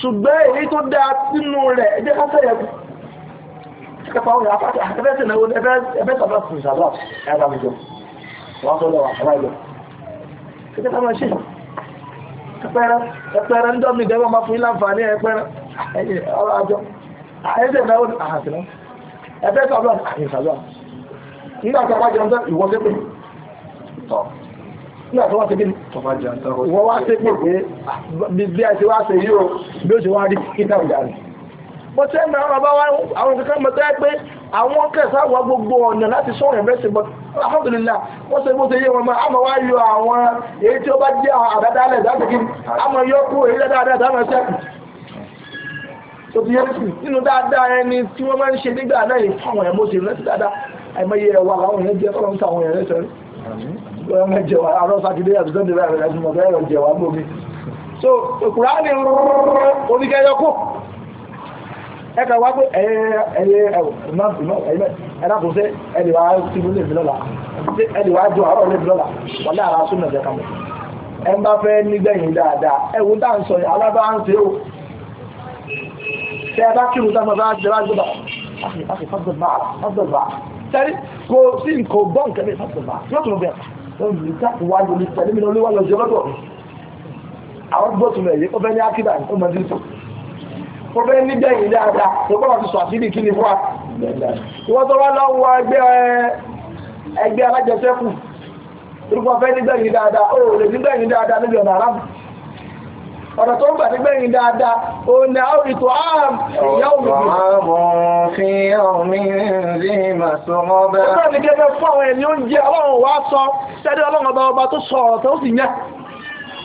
Ṣùgbẹ́ èyí tó dáa sínú rẹ̀ ẹjẹ́ kásẹ̀ yẹ kẹfà òun àpáta ẹgbẹ́ tẹ̀lé ẹgbẹ́ tẹ̀lé fún ìṣàdọ́ ẹgbàmìjọ wọ́n tó lọ́wọ́ àṣàlá ìjọ ẹjẹ́ ká máa ṣe ẹpẹrẹ ẹpẹrẹ ń dọ́mi ìdẹ́gbọ́n máa fún yín láǹfààní ẹpẹrẹ ẹyẹ ọrọ̀ àjọ àyẹ́sẹ̀ ìnáwó ni àhàsìnà ẹ̀fẹ́ sàbúrà àyè sàbúrà nígbà tó wá jẹun tán ìwọ sépè tọ nígbà tó wá sépè ìwọ wá sépè pé ah, bí a ṣe wá ṣe yí bó tí ẹ̀mí àwọn àbáwá àwọn kankan mọ̀ tẹ́ pé àwọn kẹsà wà gbogbo ọ̀nà láti sọ̀rọ̀ ẹ̀mẹ́sì bọ́ alhamdulillah wọ́n ṣe bó ṣe yé wọn mọ́ àmọ́ wá yọ àwọn èyí tí ó bá jẹ́ àwọn àdádálẹ̀ ìdásẹ́kì àmọ́ yọ kú èyí dáadáa dáadáa sẹ́kù tó ti yẹ nínú dáadáa ẹni tí wọ́n máa ń ṣe nígbà náà yìí fún àwọn ẹ̀mọ́sì lẹ́sì dáadáa àìmọye ẹ̀wà àwọn èèyàn jẹ́ fọ́lọ́n tó àwọn èèyàn lẹ́sẹ̀ rí wọ́n máa jẹ̀wà arọ́ sátidé àti sọ́ndé rẹ̀ rẹ̀ ẹ̀sùn mọ̀gá ẹ̀rọ jẹ̀wà lómi so òkúra ní oníkẹ́yọkù ẹka wá pé ẹyẹ ẹ̀dàkùnṣẹ́ ẹ̀dìwà tìbú lè fi lọ́la ẹ̀dìwà jọ àárọ̀ lè fi lọ́la wọ́n lára súnmọ̀ jẹ́ kàmù ẹ bá fẹ́ nígbẹ̀yìn dáadáa ẹ̀wù dá ń sọ alábá ń ṣe ó tẹ́ ẹ bá kí ìrùtà mọ̀ bá jẹ́ bá gbọ́dọ̀ àti fásitì bá tẹ́rí kò sí nǹkan bọ́ nǹkan bí fásitì bá yóò tún bẹ̀rẹ̀ lọ́nà ìrùtà wájú ní tẹ̀lé mi lọ́lọ́wọ́ lọ́jọ́ lọ́dọ̀ àwọn gbọ́ tó fẹ́ nígbẹ̀yìn dáadáa tó kọ́ láti sọ àṣírí kí fún wa wọ́n tó wá lọ́wọ́ ẹgbẹ́ alájẹsẹ́kù orúkọ fẹ́ nígbẹ̀yìn dáadáa ó lè nígbẹ̀yìn dáadáa níbi ọ̀nà aráàmù ọ̀nà tó ń bà nígbẹ̀yìn dáadáa ó ní àwọn ààrùn ìyá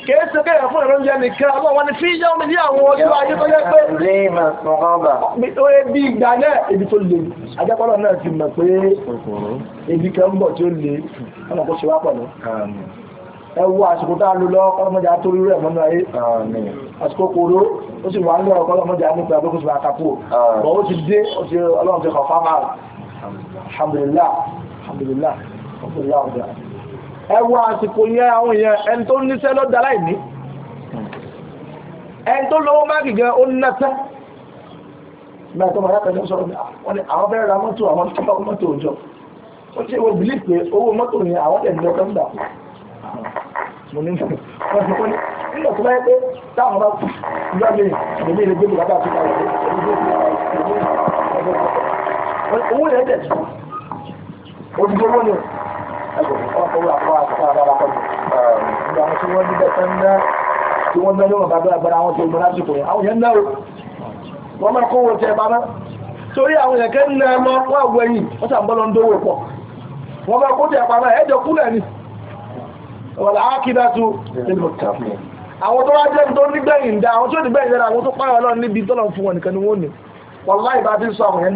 kìí ṣe bẹ́ẹ̀ fún ìrọ́njẹ nìkan àwọn wọn ni fi yọ́ mi ní àwọn ọjọ́ ayé tó yẹ pé oye bí ìgbà náà ibi tó le ajẹ́pọ̀lọ̀ náà ti mọ̀ pé ibi kan ń bọ̀ tí ó le ọmọ kó ṣe wá pọ̀ náà ẹ wo àsìkò tá a lò lọ ọlọ́mọdé àtórí rẹ̀ mọ́nú ayé àsìkò kòró ó sì wà ń lọ ọlọ́mọdé àmúgbà gbogbo sí àkàkù bọ̀ ó ti dé ó ti ọlọ́run ti kọ̀ fáwọn alhamdulillah alhamdulillah alhamdulillah alhamdulillah ẹwà àsìkò yẹn àwọn èèyàn ẹni tó níṣẹ́ ló dá láìní ẹni tó lówó máàkì gan ó nẹ́tẹ́ bẹ́ẹ̀ tó màá tẹ̀lé sọ̀rọ̀ wọn ni àwọn bẹ́ẹ̀ ra mọ́tò àwọn tó bá mọ́tò òjò ó ṣe wo bìlí pé owó mọ́tò yẹn àwọn tẹ̀lé ọkọ̀ ń dà mo ní nígbà tó báyẹ pé táwọn bá ni tí wọ́n bẹ́lú ọ̀gá bẹ́ẹ̀ bẹ́ra wọn tí ó gbọ́nà sípò àwọn yẹn náà wọ́n mọ́ kó wọ́n tẹ́ bàbá torí àwọn ẹ̀kẹ́ ń náà mọ́ wọ́n àgbọ̀ ẹ̀yìn wọ́n sàbọ́ lọ ń dówó pọ̀ wọ́n mọ́ kó tẹ́ bàbá ẹ̀jọ̀ kú náà ni wọ́n ákídá tó àwọn tó wá jẹ́ tó nígbẹ̀yìn dá àwọn tó nígbẹ̀yìn dára àwọn tó pààrọ̀ lọ níbi tọ́lọ̀ fún wọn nìkan ni wọ́n ní wọ́n láì bá ti sọ àwọn ẹ̀ ń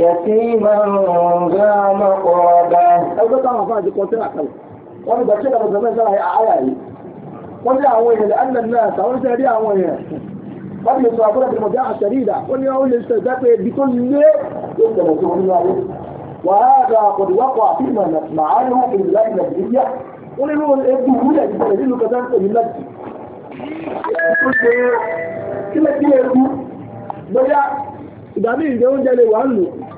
yẹtìmọ̀ ńgá mọ́kọ̀ọ́dá. ẹgbẹ́ táwọn fún àjẹkọ tí wà kàlẹ̀ wọ́n ní gbàtí ìdàgbà tó mẹ́ta àyà yìí wọ́n ní àwọn èèyàn ẹ̀nà náà tàwọn ṣe rí àwọn èèyàn wọ́n ní sọ àbúrò àti mọ̀já àṣẹrí ìdá wọ́n ní wọ́n lè sọ ìgbà pé ibi tó lé yóò tẹ̀lé tó nínú ayé wàhálà àkọ̀dùwọ́pọ̀ àfihàn màálù ìlànà nàìjíríà wọ́n ní wọ́n ebi wúlẹ̀ ìbẹ̀rẹ̀ nílùú kẹta ń pè ní lẹ́jì. kílẹ̀ kílẹ̀ ewu bóyá ìdàmí ìjẹ oúnjẹ lè wà ń lò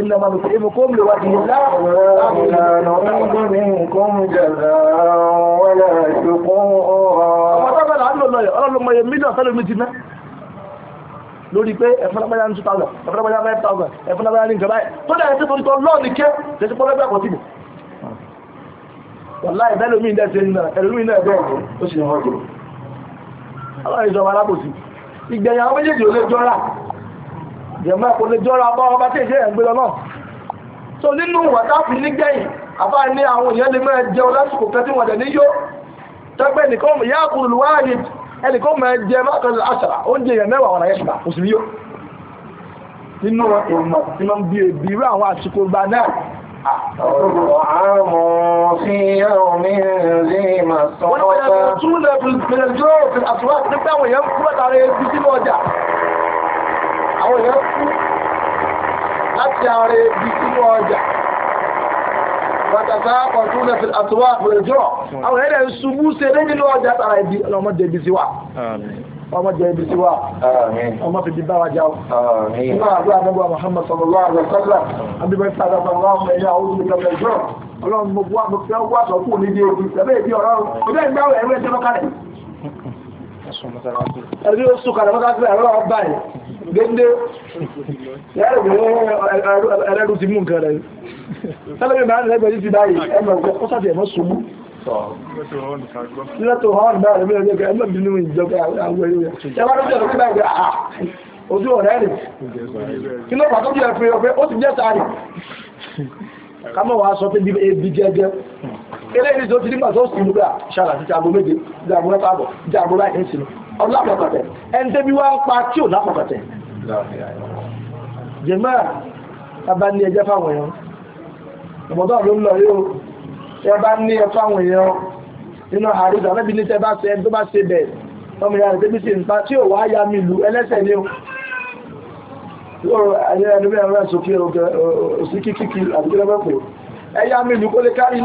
إلا ما نطعمكم لوجه الله لا نريد منكم جزاء ولا شكورا ọlọ́run mọ̀ yẹ mílíọ̀n fẹ́lẹ̀ mi ti ná lórí pé ẹ̀fọ́lábáyá ní 2000 ẹ̀fọ́lábáyá 5000 ẹ̀fọ́lábáyá ní ìjọba tó dẹ̀ ẹ̀sẹ̀ torítọ̀ lọ́ọ̀dì kẹ́ tẹ́sí pọ́lẹ́bẹ̀ àkọ́tì jẹ̀mọ́ kò lè jọra bá ọba tí ìṣe ẹ̀gbẹ́ lọ náà nínú wàtáàfì nígbẹ̀yìn àbá àwọn èèyàn lè máa jẹun lásìkò kan tí wọ́n dẹ̀ ní yó tẹ́gbẹ́ nìkan mọ̀ yáàkù lùwáàyè ẹnìkan mọ̀ jẹ mákàlá àṣàrà oúnjẹ èèyàn mẹ́wàá ọ̀nà yẹ́sùpá kò sì ní yó nínú ìmọ̀ tí wọ́n àwọn àsìkò gba náà طعام في يوم àwọn èèyàn kú láti ààrẹ ibi sínú ọjà bàtàtà ọ̀tún lẹ́fẹ̀ àtúwà pẹ̀lẹ̀jọ́ àwọn èèyàn ṣubú ṣe dé nínú ọjà tààrà ibi ọmọdé ibi sí wa ọmọdé ibi sí wa ọmọ fi bí báwa jáwọ́ nígbà àdúrà nígbà Muhammad sallallahu alaihi wa sallam abibẹ̀ sàdọ̀ sallallahu alaihi wa sallam ọlọ́run gbogbo wa gbogbo wa sọ fún òní ní ojú ẹ̀bẹ́ ìbí ọ̀rọ̀ ọ̀rọ̀ ìgbà ẹ̀rọ ẹ̀jẹ̀ lọ́kàlẹ̀ ẹ̀rí ó gẹ́gẹ́ ẹlẹ́rù ti mú nǹkan rẹ̀ sálẹ́bẹ̀ máa ń lẹ́gbẹ̀ẹ́ títí báyìí ẹmọ̀ ọkọ̀ sáti ẹ̀mọ́ ṣubú lẹ́tọ̀ hàn bá rẹ̀ mẹ́rin ẹgbẹ̀ẹ́ ẹmọ̀ bínú ìjọba àwọn ẹ̀yẹ ah, ojú ọ̀rẹ́ rẹ̀ kí ló pàtó jẹ́ fún ọpẹ́ ó ti jẹ́ sáré kámọ́ wàá sọ pé bí ebi jẹ́jẹ́ eléyìí tó ti nígbà tó sì múgbà ṣàlà sí jàgbó méje jàgbó mẹ́fà bọ̀ jàgbó láì ń sinú ọdún lápọ̀kọ̀tẹ̀ ẹni tẹ́bí wá ń pa tí ò lápọ̀kọ̀tẹ̀ jẹ́mà abá ní ẹjẹ́ fáwọn èèyàn ọmọdé ọ̀rọ̀ lọ yóò ẹ bá ní ẹ fáwọn èèyàn nínú àrídà lẹ́bí ní tẹ́bá ṣe tó bá ṣe bẹ̀ ọmọ ìyá rẹ̀ tẹ́bí ṣe nípa tí ò wá ya mi lù ẹlẹ́sẹ̀ ni ó ẹ̀yà mi lù kó lè kárí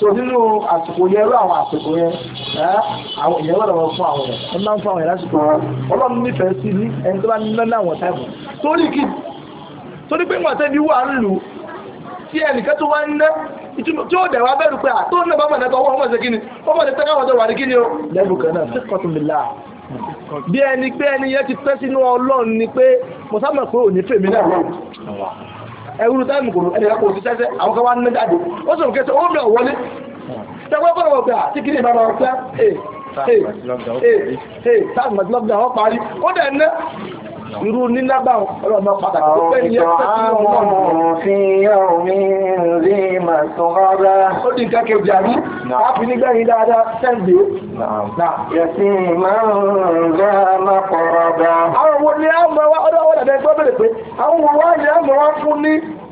so nínú àsìkò yẹrú àwọn àsìkò yẹn àwọn èèyàn wọ́n lọ́wọ́ fún àwọn ẹ̀ ẹ̀ máa ń fún àwọn ẹ̀ lásìkò wọn ọlọ́run nífẹ̀ẹ́ sí ní ẹni tó bá ní lọ́nà àwọn táìpù torí kí torí pé wọ́n tẹ́bi wà ń lù tí ẹnìkan tó wá ń ná tí ó dẹ̀ wá bẹ̀rù pé àtó náà bá mọ̀ nẹ́tọ̀ ọwọ́ ọmọ o lẹ́bù kan náà ẹwúrú táìmù kòrò ẹni ẹ̀kọ́ òsì sẹ́sẹ́ àwọn kan wá ń jáde ó sì rùkẹ́ sí ó bẹ̀ wọlé tẹgbẹ́ irú nílágbà ọlọ́mọ pàtàkì tó fẹ́ ní ẹgbẹ́ tí wọ́n mọ̀ sí omi rí màtún rárá ó di nǹkan kejì àrí láàpì nígbẹ̀yìn dáadáa sẹ́ǹdì ó yẹ̀sí máa ń rẹ́ máa pọ̀ rárá àwọn wo ni a mọ̀ wá ọdọ́ wọ́n dàbẹ́ gbọ́ bẹ̀rẹ̀ pé àwọn wo wá ni a mọ̀ wá fún ní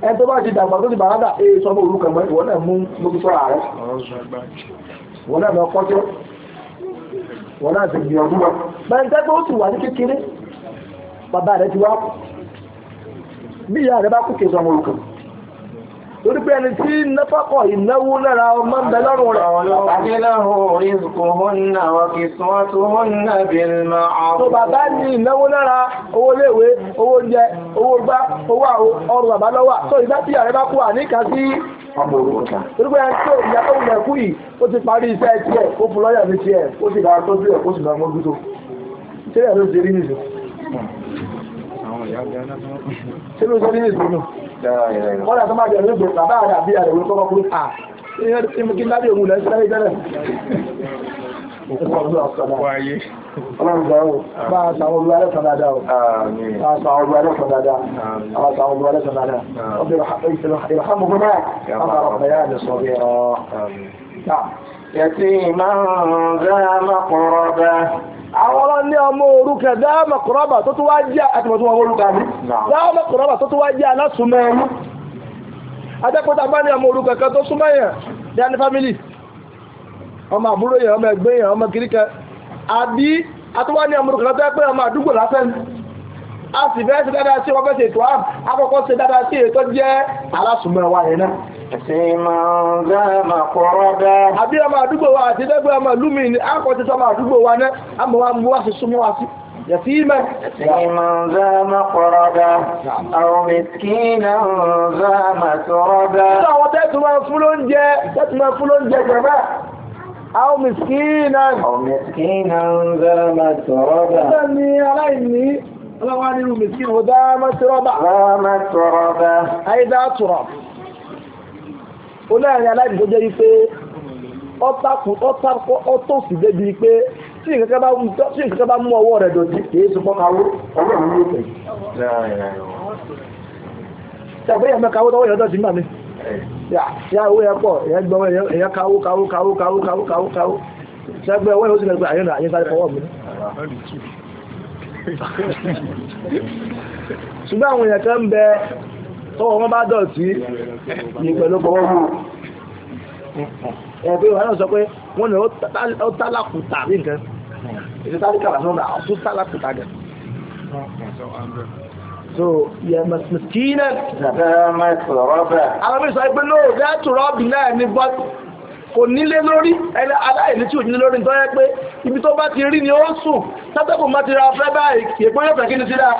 ẹ tó bá ti dàgbà tó ti bàrádà èyí sọ mọ́ orúkọ mọ́ ìwọ́n náà mú mójú sọ́ra rẹ̀ wọ́n náà mọ́ kọ́jọ́ wọ́n náà ti gbìyànjú lọ bẹ́ẹ̀ tẹ́ pé ó ti wà ní kékeré bàbá rẹ̀ ti wá bí ìyá rẹ̀ bá kú kè mọ́ orúkọ mọ́ torí pé ẹni tí nẹ́fàkọ̀ ìnáwó lára ọmọ ń bẹ lọ́rùn rẹ̀. tó bàbá ní ìnáwó lára owó léèwé owó jẹ owó gbá owó ọrùn bàbá lọ́wà tó ìgbà tí ààrẹ bá kú àníkà sí torí pé ẹni tó ìyá tó wùlẹ̀ kú yìí ó ti parí iṣẹ́ tiẹ̀ ó fún lọ́yà mi tiẹ̀ ó sì dára tó bí ẹ̀ kó sì dára mọ́jú ṣé ẹ̀ ló ṣe rí nìyí. Hmm. ṣé ló ṣe rí nìyí wọ́n àtọ́ máa jẹ̀rẹ̀ ìgbòrò bàbá rẹ̀ àbí àrẹ̀wé kọ́kọ́ fún à ìyẹn kí lábẹ́ òun lẹ́sí láyé tẹ́lẹ̀ Ọlọ́run gbà ó, bá a sàwọn olúwa lẹ́sàn dáadáa ó, bá a sàwọn olúwa lẹ́sàn dáadáa, bá a sàwọn olúwa lẹ́sàn dáadáa, ọdún ìrọ̀hámù gbọ́nà, a máa rọ̀ bẹ̀yà ní sọ bí ẹ̀rọ. Yẹtí máa ń zá mọ́kànrọ̀ bẹ́ẹ̀. àwọn ọlọ́ni ọmọ orúkẹ dáàmà kọ̀rọ̀bà tó tó wá jẹ́ àtìmọ̀tún ọmọ orúkẹ ní dáàmà kọ̀rọ̀bà tó tó wá jẹ́ alásùnmọ́ ẹrú adẹ́kọ̀tà bá ní ọmọ orúkẹ kan tó súnmọ́ yẹn dání fámílì ọmọ àbúrò yẹn ọmọ ẹgbẹ́ yẹn ọmọ kìríkẹ àbí a sì fẹ́ ṣe dáadáa sí ọgbẹ́ ṣètò àmì akọ́kọ́ ṣe dáadáa sí ètò jẹ́ alásùnmọ̀ wa yẹn náà. ẹ̀sìn máa ń dá máa kọ́rọ́ dá. àbí ọmọ àdúgbò wa àti ẹgbẹ́ ọmọ ìlú mi ni àkọ́ ti sọmọ àdúgbò wa náà àmọ́ wa mú wa ṣe súnmọ́ wa sí. يتيما يتيما ذا مقربة أو مسكينا ذا متربة أو تتما فلنجة تتما فلنجة جماعة أو مسكينا أو ọlọ́wọ́ nínú mìsíkìn ó dáámá tírọ́bà àìdá tùrọ̀ olóòrin aláìbò jẹ́ wípé ọ́tọ́sì débi pé tí ìkẹ́kẹ́ bá mú ọwọ́ rẹ̀ dọ̀tí kìí sọpọ́ kawó ṣùgbọ́n àwọn èèyàn kan ń bẹ tọ́wọ́ wọn bá dọ̀tí ní pẹ̀lú pọ̀wọ́ mú ẹ̀bí wọn náà sọ pé wọ́n ní ó tálàkùtà rí nǹkan ìṣẹ́ tálàkùtà lásán náà ó tálàkùtà gẹ̀ so yẹ mẹ́sìkínẹ̀ àwọn mẹ́sìkínẹ̀ àwọn mẹ́sìkínẹ̀ kò nílé lórí aláìní tí ò nílé lórí tó yẹ pé ibi tó bá ti rí ni ó sùn tátẹ́kùn bá ti ra fẹ́ báyìí èpó yóò fẹ́ kí ni sí dáa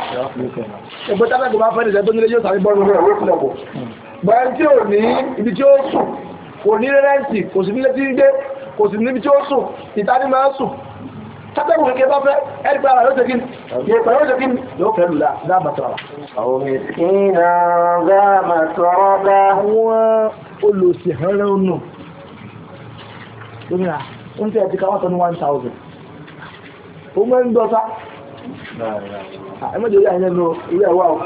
èpó tátẹ́kùn bá fẹ́ nìṣẹ́ tó nílé yóò sàrí bọ́ọ̀lù rẹ̀ ló kúlẹ̀ bọ̀ bọ́ẹ̀ tí ò ní ibi tí ó sùn kò ní rẹ́rẹ́ǹtì kò sí nílé tí ń gbé kò sí níbi tí ó sùn lónìí à ń tẹ́ ẹ̀ ti ká wọ́n sọ ní one thousand ó mọ́ ń dọ́ta ẹmọ́jọ́ yà nínú ilé ẹ̀wà ọ̀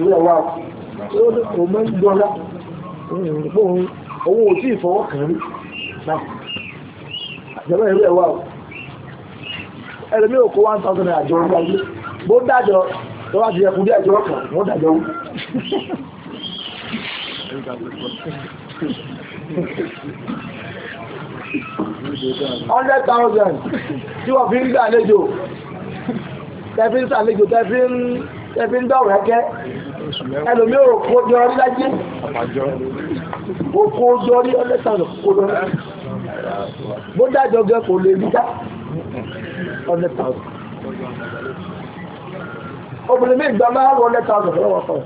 ilé ẹ̀wà ọ̀ ó mọ́ ń dọ́ta owó ò tí ìfọwọ́ kàn rí àjẹ́bẹ́ ilé ẹ̀wà ọ̀ ẹlẹ́mí òkú one thousand naira jọ ọgbà ilé bó dájọ́ tó wá ti ẹkùn bí hundred thousand tí wọ́n fi ń gbà àlejò tẹ́fí ń sàlejò tẹ́fí ń tẹ́fí ń dọ̀rọ̀ ẹ̀kẹ́ ẹlòmí ò kó jọ rí lájí ó kó jọ rí hundred thousand kó lọ bó dájọ gẹ kò lè rí dá hundred thousand obìnrin mi gba máa hundred thousand lọ́wọ́ fún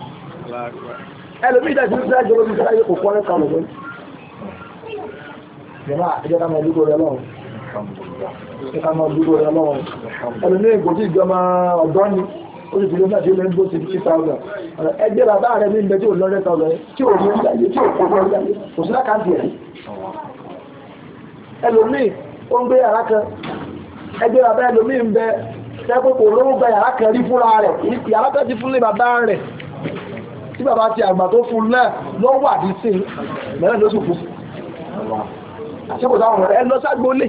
ẹlòmí ìdájú ń dájọ kò kọ́ hundred thousand lórí jẹ́mà ẹjẹ́ ká mọ̀ lúgbò rẹ̀ lọ́wọ́ ẹjẹ́ ká mọ̀ lúgbò rẹ̀ lọ́wọ́ ẹlùmí ìgbò tí ìjọba ọ̀dọ́ ni ó sì tìlú náà tí ó lè ń gbó sí 5000 ẹgbẹ́ bàbá rẹ̀ ní ìgbẹ́ tí ò lọ́rẹ́ 1000 tí ò mú ìdáyé tí ò kó bọ́ ìdáyé kò sí lákàntì ẹ̀ ẹlùmí ó ń gbé yàrá kan ẹgbẹ́ bàbá ẹlùmí ń bẹ tẹ́kọ̀ kò ló ń bẹ àṣẹ́kò sáwọn ọ̀rẹ́ ẹlọ ságbólé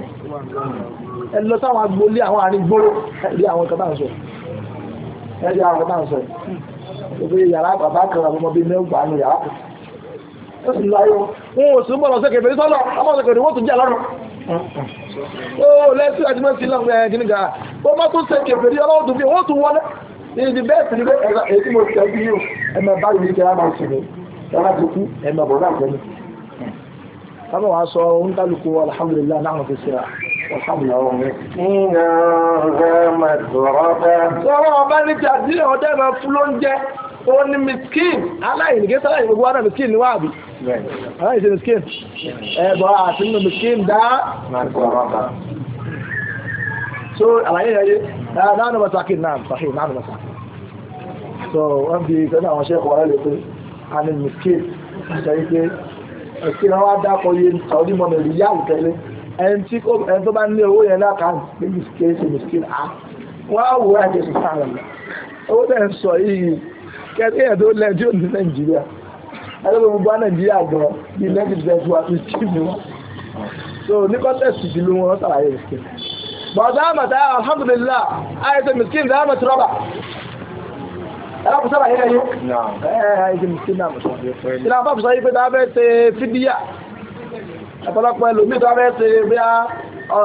ẹlọ sáwọn agbólé àwọn àrígbóró ẹ̀rí àwọn kọta ń sọ ẹ̀rí àwọn kọta ń sọ ìgbé yàrá bàbá kan àbọmọ bíi mẹ́gbàá nù yàrá kan ó sì láyé wọn ò sì ń bọ̀ lọ sókè fèrè sọ́lọ̀ ọmọ ni wọ́n tún jẹ́ lọ́rùn ó lẹ́sí àti mọ́ sí lọ́rùn ẹ̀ kìíní ga ó má tún sókè fèrè ọlọ́wọ́ tún fi wọ́n tún wọlé ìdí bẹ́ẹ̀ sì ni pé ẹ̀ka sábà wá sọ ohun kálukú alhamdulillah náà fi síra ó ní miskin aláìnìké sára ìgbogbo wádà miskin ní wáàbí aláìsí miskin ẹ̀bọ̀ àti nínú miskin dá so àlàyé ẹ̀yẹ náà nù masakin náà sahih náà nù kí wọ́n wá dápọ̀ iye saudi mọ́nà ìlú yá ìtẹ́lẹ̀ ẹni tí tó bá ní owó yẹn lákàánì pé mìsíkè ṣe mìsíkè á wọ́n á wò láti ṣe sára lọ owó tẹ̀ ń sọ yìí kẹ́tí ẹ̀ tó lẹ́ tí ó ní nàìjíríà ẹlẹ́gbẹ̀ẹ́ mo bá nàìjíríà gan bíi nineteen percent wa fi kí mi wọn so ní contest ìdílé wọn sàlàyé mìsíkè bọ̀dá àmàtà alhamdulillah àìsàn mìsíkè dáhàmà alábùsára yẹ́ yẹ́ ìlàfàbùsá yí pé tó abẹ́ ṣe fídíyà ọ̀pọ̀lọpọ̀ ẹlòmí tó abẹ́ ṣe bí a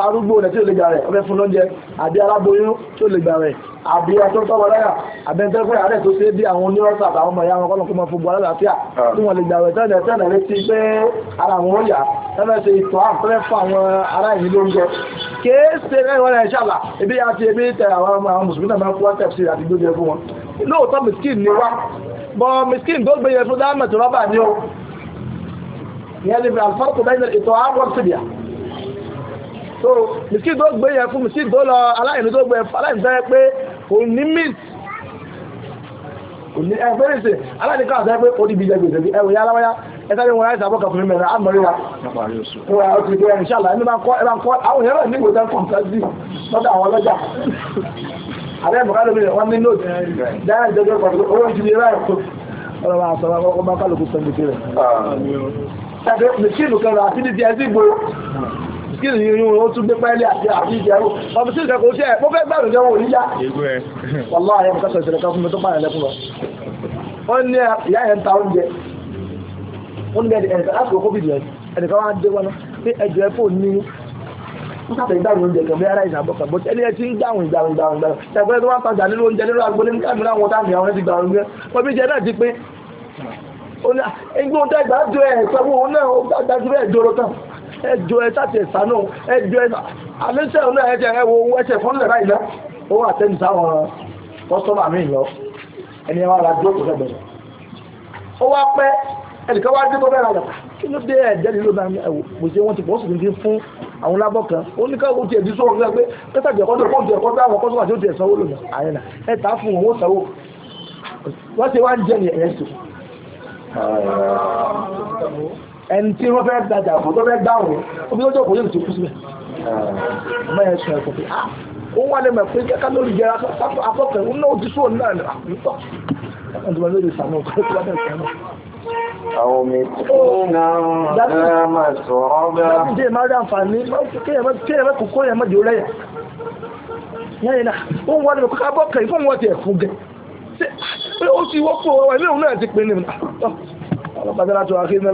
arúgbó rẹ̀ tí ó lè gbà rẹ̀ ọbẹ̀ fún lóúnjẹ àbí aláboyún tí ó lè gbà rẹ̀ àbí atọ́tọ́wọ́láyà àbẹ́ntẹ́fẹ́ ààrẹ tó ṣe bí àwọn onírọ́sà àtàwọn ọmọ ìyá wọn kọ́lọ́kọ́ mọ́ fún buhari àlàáfíà tí wọ́n lè gbà rẹ̀ tẹ́lẹ̀ tẹ́lẹ̀ rẹ̀ ti pé ara wọn ó yà tẹ́lẹ̀ ṣe ìtọ́ àpẹẹrẹ fún àwọn ará ìlú lóúnjẹ kéèsè rẹ̀ wọ́n rẹ̀ ṣàlà ebi àti ebi tẹ àwọn ọmọ àwọn mùsùlùmí náà máa ń kó wá tẹ̀sí àti gbójú ẹ fún wọn lóòótọ́ miskin ni wá bọ́ miskin tó gbé yẹn fún dáhùn tó rọ́bà ni ó yẹn ni bí alfarku bẹ́ẹ̀ ni ìtọ́ àwọn síbíà so miskin tó gbé yẹn fún miskin tó lọ aláìní tó gbé aláìní tó yẹ pé kò ní mint kò ní ẹgbẹ́rẹ́sì aláìní káà sọ pé ó ní bí jẹgbẹ̀jẹgbẹ ẹwù yá aláwáyá ẹgbẹ́rẹ́ wọn láìsí àbọ̀kà fún mẹ́rin àmọ́ríwá wọ́n yà ó ti ṣàlàyé ní bá kọ́ àwọn èèyàn ní ìwòsàn kọ̀ǹtà sí lọ́dọ̀ àwọn ọlọ́jà àbẹ́ bùkálù bí wọ́n ní nóòtù dáhà ìjọba ìpàdé owó ìjú bí ráì kó ọ̀rọ̀ máa sọ wọn bá kálukú sọ gbèsè rẹ̀. ṣáàbẹ̀ mẹsìnì kan rà sí dídí ẹsẹ̀ ìgbò mẹsìnì yìí ó tún gbé pẹ́ẹ́lí àti àti ìjẹun ọmọ mẹsìnì kan kò ṣe ẹ̀ mo fẹ́ gbàdùn jẹun òní yá. wàlá ayé bùkálù ìṣẹ̀lẹ̀ kan fún mi tó pààyàn lẹ́kùn lọ. ó ní ìyá yẹn ta oúnjẹ ó ní bẹ́ẹ̀ ó sàtẹ̀ ìdáhùn oúnjẹ kẹ̀mí ara ìṣàbọ̀kàn bó ẹni ẹ ti ń dáhùn ìdáhùn ìdáhùn ìdáhùn ṣàpẹ́ tó wá tajà nínú oúnjẹ nínú agbolé ní káàmì láwọn táàmì àwọn ti gbà wọn gbé omi jẹ náà ti pé ẹgbẹ́ oúnjẹ ìgbà jọ ẹ̀ sọ́wọ́ òun náà ó dájú bẹ́ẹ̀ jọrọ tán ẹjọ ẹ sáti ẹ̀sà náà ẹjọ ẹ alẹ́sẹ̀ náà ẹjẹ ẹwọ owó ẹsẹ̀ fún lẹ́rà ìlà ó wà tẹ́lù sáwọn kọ́sọ́mà mi lọ ẹni ẹwà ara jókòó ó wá pẹ́ ẹnìkan wá dé tó bẹ́ẹ̀ rà kí ló dé ẹ̀jẹ̀ lílo náà mo ṣe wọ́n ti pọ̀ sùn ní fún àwọn lábọ̀ kan ó ní káwọn tiẹ̀ ti sọ̀rọ̀ pé kẹta jẹ̀kọ́ tó kọ́ jẹ̀kọ́ tó àwọn kọ́sọ́mà tó tiẹ̀ sanwó lónìí àyẹ̀nà ẹ̀ ta fún wọn ó sanwó wọ́n ṣe wá ń jẹ́ ní ẹ̀yẹ́ sùn. ẹni tí wọ́n fẹ́ dájà fún tó fẹ́ dáhùn omi lọ́jọ́ kò yóò ti kú síbẹ̀ ọmọ yẹn sùn ẹ̀kọ́ pé ah ó wà lẹ́mọ̀ pé kẹ́kẹ́ lórí jẹ́ra afọ́kẹ́ ó náà ti sóò náà nìtọ́ أو مسكينا ذا مسربا دي ما دام فاني كيما كيما كوكويا ما جوليا yẹ́yìn náà ó ń wá ní ọkọ̀ abọ́kẹ̀ ìfún wọn ti ẹ̀fún gẹ̀ pé ó ti wọ́pọ̀ ọwọ́ ilé òun náà ti pè ní ọlọ́pàá tẹ́lá tó wá kí ní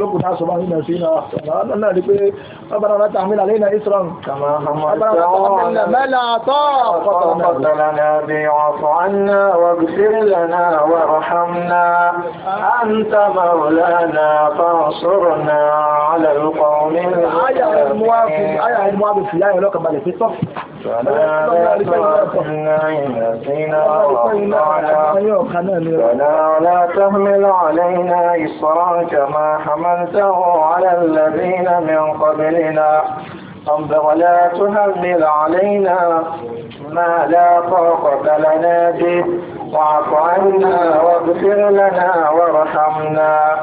ربنا لا تحمل علينا إسرا كما حملنا ما لا طاقة لنا به واعف عنا واغفر لنا وارحمنا أنت مولانا فانصرنا على القوم الظالمين آية الموافق لا يلوك بل في الصف ولا تحمل علينا إصرا كما حملته على الذين من قبل علينا رب ولا تهمل علينا ما لا طاقة لنا به واعف عنا واغفر لنا وارحمنا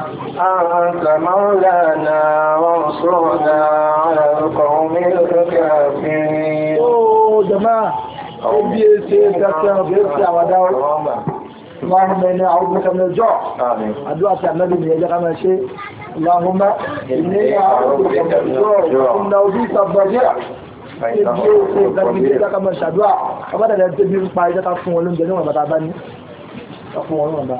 أنت مولانا وانصرنا على القوم الكافرين. جماعة أبي سيدك اللهم إني أعوذ بك من الجوع. أدعو أتعمل بني يا جماعة شيء. اللهم إني أعوذ بك من الجوع إنه بيس الضجيع Ebi oko ìdájú ní ìdáka máa ṣàdúrà, ọbádà rẹ̀ débi ń pa ìdáka fún olóúnjẹ níwọ̀n bàtà bá ní. Ọkùn wọn wọ̀n bá.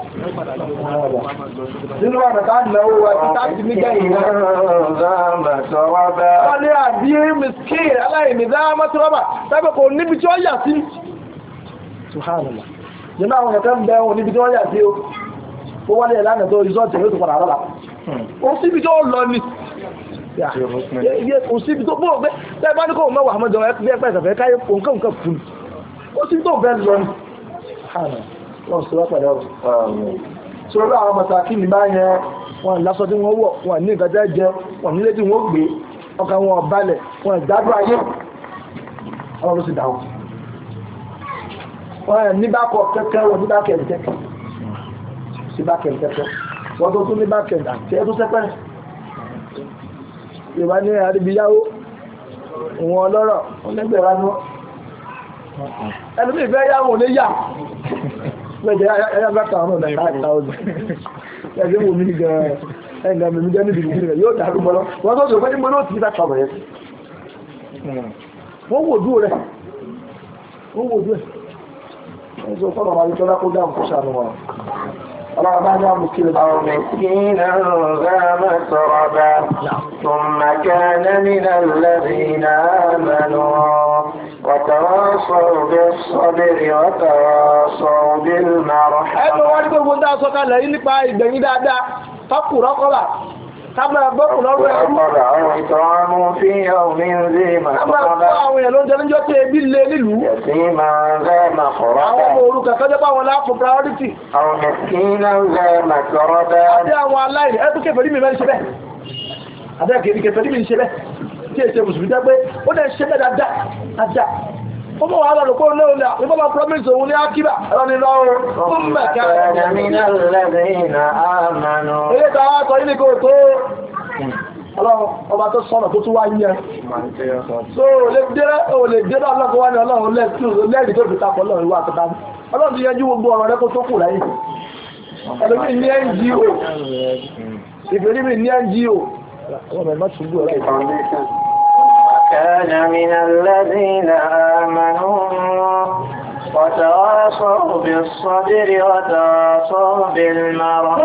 Nínú wà bàtà náwó wa Wọ́n ní àbí miskin aláìní dáámá tó rọ́bà, tábí kò níbi tí ó yà sí. Subhanallah. Jẹ́nà àwọn ọ̀kẹ́ ń bẹ́ wọn níbi tí wọ́n yà sí o. Ó wọlé ìlànà tó rìsọ́ọ̀tì yóò tó padà rọ́lá kò síbi tó lọ ni kò síbi tó bóòrò pé tẹ́ bá ní kò mẹ́wàá àmọ́jọ ẹgbẹ́ ẹgbẹ́ ìsàfẹ́ káyé nǹkan nǹkan fún kò síbi tó bẹ́ẹ̀ lọ ni wọ́n sọ wá padà um, sọ lọ́wọ́ àwọn mọ̀tàkì ní báyẹn wọn lásọ tí wọ́n wọ̀ wọn ní nǹkan tẹ́ jẹ wọn nílé tí wọ́n gbé ọkàn wọn balẹ̀ wọn ìgbádùn ayé ọlọ́run ló sì dáhùn wọn ní bákọ̀ kẹ́kẹ́ wọn ní bákẹ́ kẹ́kẹ́ sí bákẹ́ kẹ́kẹ́ wọ́n tó tún ní bákẹ̀ẹ̀dì àti ẹ̀tún sẹ́pẹ̀rẹ̀ yorùbá ní àríbíyáwó ìwọ̀n ọlọ́rọ̀ onígbẹ̀rẹ̀ ránú ẹlùmí ìfẹ́ yáwó ní yà pẹ̀lú ayábátà ọmọ náírà àtàwọn ẹgbẹ́ wo mi gan ẹgbẹ́ mi jẹ́ níbi ìdílé rẹ̀ yóò dàrú mọ́lọ́ wọ́n tó sọ pé nígbà náà ti bá kàwé yẹn wọ́n wò dúró rẹ̀ wọ́n wò dúró rẹ̀ wọ́n sọ fọ́nà wà ní tọ́lá kó dáhùn kó sàánú wọn رغدا في الأرض مسكينا ثم كان من الذين آمنوا وتواصوا بالصبر وتواصوا بالمرحمة Kámọ́ ẹgbọ́rùn lọ́rọ̀ ẹ̀rú. Ọ̀pọ̀lọpọ̀ àwọn ìtọ́rọ̀mù fi ọ̀mí ń rí màá. Kámọ́ ẹgbọ́ àwọn èèyàn ló ń jẹ́ níjọ́ tí ebi lé nílùú. Ẹ̀sìn máa ń rẹ̀ màá kọ̀rọ̀ bẹ́ẹ̀. Àwọn ọmọ orúkọ kọjọ́ bá wọn láàpù priority. Àwọn ẹ̀sìn náà ń rẹ̀ màá kọ̀rọ̀ bẹ́ẹ̀. Àti àwọn aláìní, ẹ tún kẹfẹ́ ní mi mẹ́rin ṣe bẹ́ẹ̀. Àbẹ́ kẹfẹ́ ní mi ṣe bẹ́ẹ̀. Tí èsè Mùsùlùmí jẹ́ pé ó dẹ̀ ṣe bẹ́ẹ̀ dáadáa ọmọ wà lọ́rọ̀ kó lé olè ìbọn bá promise òun ní akíbà ẹ̀rọni lọ́rùn fún mẹ́kẹ́ ilé ta sọ ilé kò tó hmm. ọba tó sọ́nà tó tún wá yẹ so lè dẹ́rẹ́ o lè dẹ́rẹ́ ọlọ́kọ̀ wá ní ọlọ́run lẹ́ẹ̀dì tó fi takọ̀ ọlọ́run wà tọ́ta ọlọ́run ti yẹjú gbogbo ọ̀rọ̀ rẹ kó tó kù láyé ẹlòmí ní ngo ìfèrí mi ní ngo ọmọ ẹ̀ má tún bú ọ̀rọ̀ ìfèrí وكان من الذين آمنوا وتواصوا بالصبر وتواصوا بالمرحمة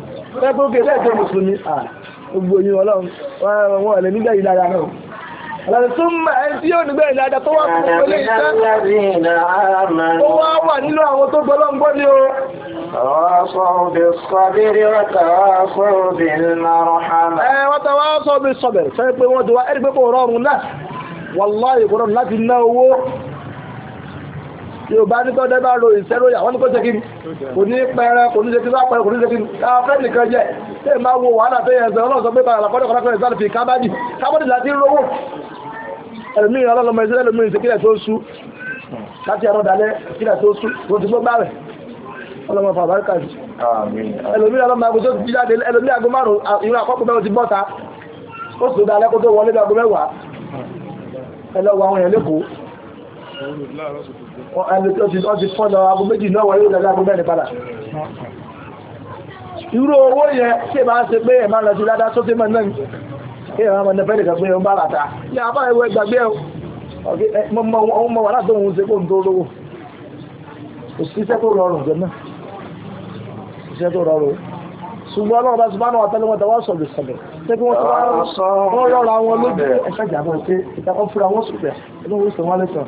pẹ́kókè lẹ́ẹ̀kẹ́ mùsùlùmí gbogbo yìí ọlọ́run Àlàtúnmà ẹni yóò nígbà ìlàdà tó wá fún ilé ìṣẹ́ tó wá wà nínú àwọn tó gbọ́lọ́gbọ́ ní o. Tawāsaw bis-sabri wa tawāsaw wọ́n tawāsaw bis-sabri, sẹ́ pé Yorùbá ní tọ́ dẹ́bà ro ìṣẹ́ròyà wọ́n ní kó ṣekí kò ní pẹ̀rẹ̀ kò ní ṣekí bá pẹ̀rẹ̀ kò ní ṣekí afẹ́ nìkan jẹ́ tẹ́ máa wo wàhálà tó yẹ ẹ̀sẹ̀ ọlọ́sọ pé bàrà kọ́dọ̀ kọ́dọ̀ ìsáàlì fi kábàdì kábàdì láti rówó ẹ̀mí ọlọ́lọ́mọ ìṣẹ́lẹ̀ lómi ìṣẹ́kílẹ̀ tó sú láti ẹ̀rọ dalẹ́ kílẹ̀ tó sú kò ti gbó bá rẹ̀ ọlọ́mọ fàbáríkà jù ẹlòmí ọlọ́mọ agogo tó ti jáde ẹlòmí ago márùn ìrìn àkọ́kọ́ mẹ́wọ́ ti bọ́ta ó sì dalẹ́ kó tó wọlé bí ago mẹ́wàá ẹlọ́wọ́ àwọn èèyàn lẹ́kọ̀ọ́ wọ́n ti fọ́nà agbó méjì náà wọ́n yóò dáadáa agbó mẹ́rin padà irú owó yẹ tí è máa ṣe pé ẹ̀má lọ sí ládá tó tí mọ̀ náà kí ẹ̀má mọ̀ nẹ́fẹ́ nìkan pé ó ń bá ràtà ní àbá ẹwọ ẹgbàgbé ọmọ mọ̀ wà látọ̀ òun ṣe kó ń tó lówó kò sí iṣẹ́ tó rọrùn jẹ́ náà iṣẹ́ tó rọrùn ṣùgbọ́n ọlọ́run bá ṣùgbọ́n àwọn àtẹ́lẹ́wọ̀n tàwọn sọ̀rọ̀ sọ̀rọ̀ pé kí wọ́n tó wọ́n rọra wọn lójú ẹ̀ṣẹ́ ìjàmbá ṣe ìtakọ́ fúra wọn sùpẹ̀ ẹgbẹ́ wọn sọ wọn lẹ́sọ̀rọ̀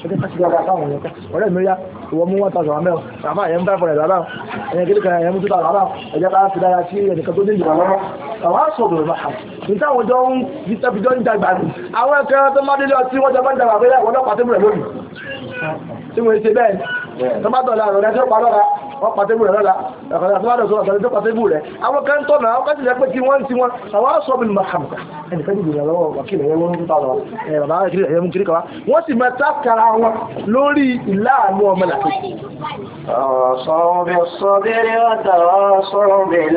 ṣẹ́kẹ́ káṣí dáadáa fáwọn èèyàn kan ọ̀rẹ́ mi yá ìwọ mú one thousand amẹ́wọ̀n bàbá ẹ̀yẹn bá fọ̀rẹ̀ bàbá ẹ̀yẹn kéde kan ẹ̀yẹn mú two thousand bàbá ẹ̀jẹ̀ ká fi dára sí ẹnìkan tó ní ìjọba lọ́wọ́ àwọn aṣọ́dọ̀ rẹ̀ máa ní táwọn jọ ń bí tẹ́bi jọ ń dàgbà ní àwọn ẹ̀kẹ́ tó má délé ọtí wọ́n jọ bá ń dàgbà bẹ́ẹ̀ wọ́n pàtẹ́bù rẹ̀ lọ́la ẹ̀kọ́lá tó bá dọ̀ sọ́wọ́ sọ́lẹ́ tó pàtẹ́bù rẹ̀ àwọn kan tọ́ náà wọ́n ti pé kí wọ́n ti wọn àwọn aṣọ mi máa hàmùkà ẹnì kan lọ́wọ́ wàkìlẹ̀ yẹn wọ́n ń tà ẹ̀ bàbá kiri ẹ̀yẹ mú kiri kaba wọ́n sì máa tákàrà wọn lórí ìlànà ọmọ làkè. ọ̀sọ̀bẹ̀ sọ́bẹ̀rẹ̀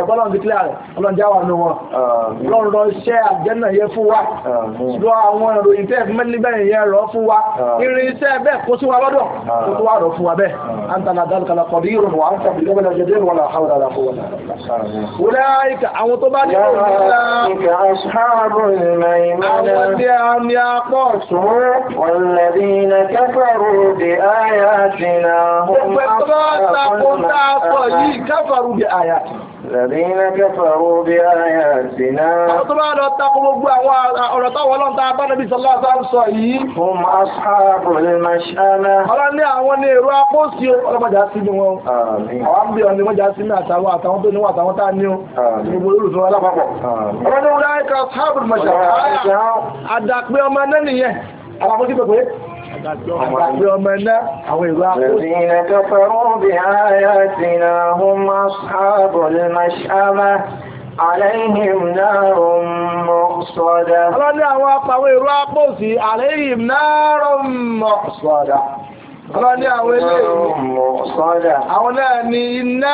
ẹ̀kọ́lọ́n ti kílẹ̀ rẹ̀ ọlọ́n jáwà ní wọn lọ́n rọ iṣẹ́ àjẹ́nà yẹ fún wa lọ àwọn ìròyìn tẹ́ fún mẹ́lẹ́gbẹ̀rẹ̀ yẹ rọ fún wa irin iṣẹ́ bẹ́ẹ̀ kó sí wa lọ́dọ̀ kó tó wà rọ fún wa bẹ́ẹ̀ antana dalkala kọ̀dí ìrùn wa anta bi lọ́bẹ̀lẹ̀ jẹjẹ́ wọn la hawla la quwwata wúlẹ̀ àìkà àwọn tó bá ní ọ̀rọ̀ nílá àwọn tí a ni ní apọ̀ sún. Ọ̀lẹ̀dí na kẹfàrò bí ayá ti na hún Lẹ̀bínà kẹfàrò bí ayá ti náà. Àwọn tó bá lọ takò gbogbo àwọn ọ̀rọ̀ táwọn ọlọ́run ta bá nẹ́bí sọ́lá sáà sọ yìí. Fún aṣáàbò lè máa ṣáná. Ọlọ́ ní àwọn ní èrò apósí ọlọ́mọdá sí ní wọn. Àwọn bí ọ̀nà mọ́já sí ní àtàwọn àtàwọn tó níwọ̀n àtàwọn tá ní o. Gbogbo olùsọ alápapọ̀. Ọlọ́dún láìka sáàbò mọ̀ṣàrá. Àdá àgbàgbé ọmọ náà nìyẹn àwọn àpótí pẹ̀pẹ́ àgbàgbé ọmọ náà àwọn ìlú àpótí. Ìrìnà kẹfẹ́rún bí ayá ti na hún máa sáàbọ̀ lè máa ṣáàmà àlẹ́yìn náà mọ̀ sọ́dá. Ọlọ́dẹ́ àwọn apàwọn ìlú àpótí àlẹ́yìn náà ni iná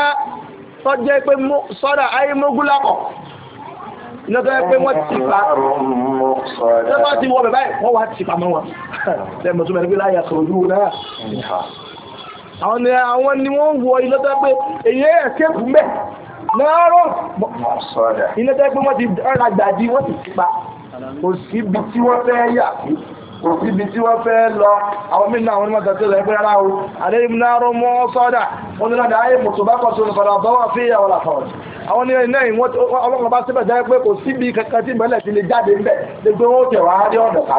tọ́jẹ́ pé sọ́dá ayé mógúlákọ̀ lọ́tọ́ ẹ wọ́n ti pa lọ́tọ́ ti wọ bẹ̀bẹ̀ wọ́n wá ti pa mọ́ wọn lẹ́mọ̀ tó mẹ́rin pé láyà sọ̀rọ̀ yóò àwọn ni àwọn ni wọ ilọ́tọ́ pé èyí ẹ̀kẹ́ mẹ́ lọ́rọ̀ ilọ́tọ́ pé wọ́n ti rà gbàdí wọ́n ti pa kò síbi tí wọ́n fẹ́ yà kò sí ibi tí wọ́n fẹ́ lọ àwọn mìíràn àwọn onímọ̀ tẹ̀sí na pé ara o àlẹ́ ìmúná arọ́ mọ́ sọ́dà wọn nílá dáa èèmù tó bá kọ́ sórí padà bọ́wọ́ fi àwọn àfọ̀rọ̀ àwọn ní iná ìwọ́n jẹ́ pé kò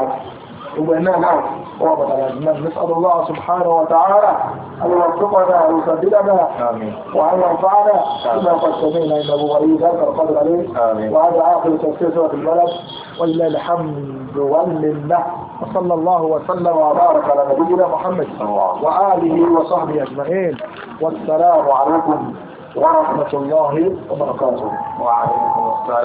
وبأننا نعرف رابط على نسأل الله سبحانه وتعالى أن يوفقنا ويسددنا وأن ينفعنا بما قد سمعنا أبو غريب ذلك القدر عليه آمين. وهذا آخر تفسير سورة البلد ولله الحمد والمنة وصلى الله وسلم وبارك على نبينا محمد وآله وصحبه أجمعين والسلام عليكم ورحمة الله وبركاته وعليكم السلام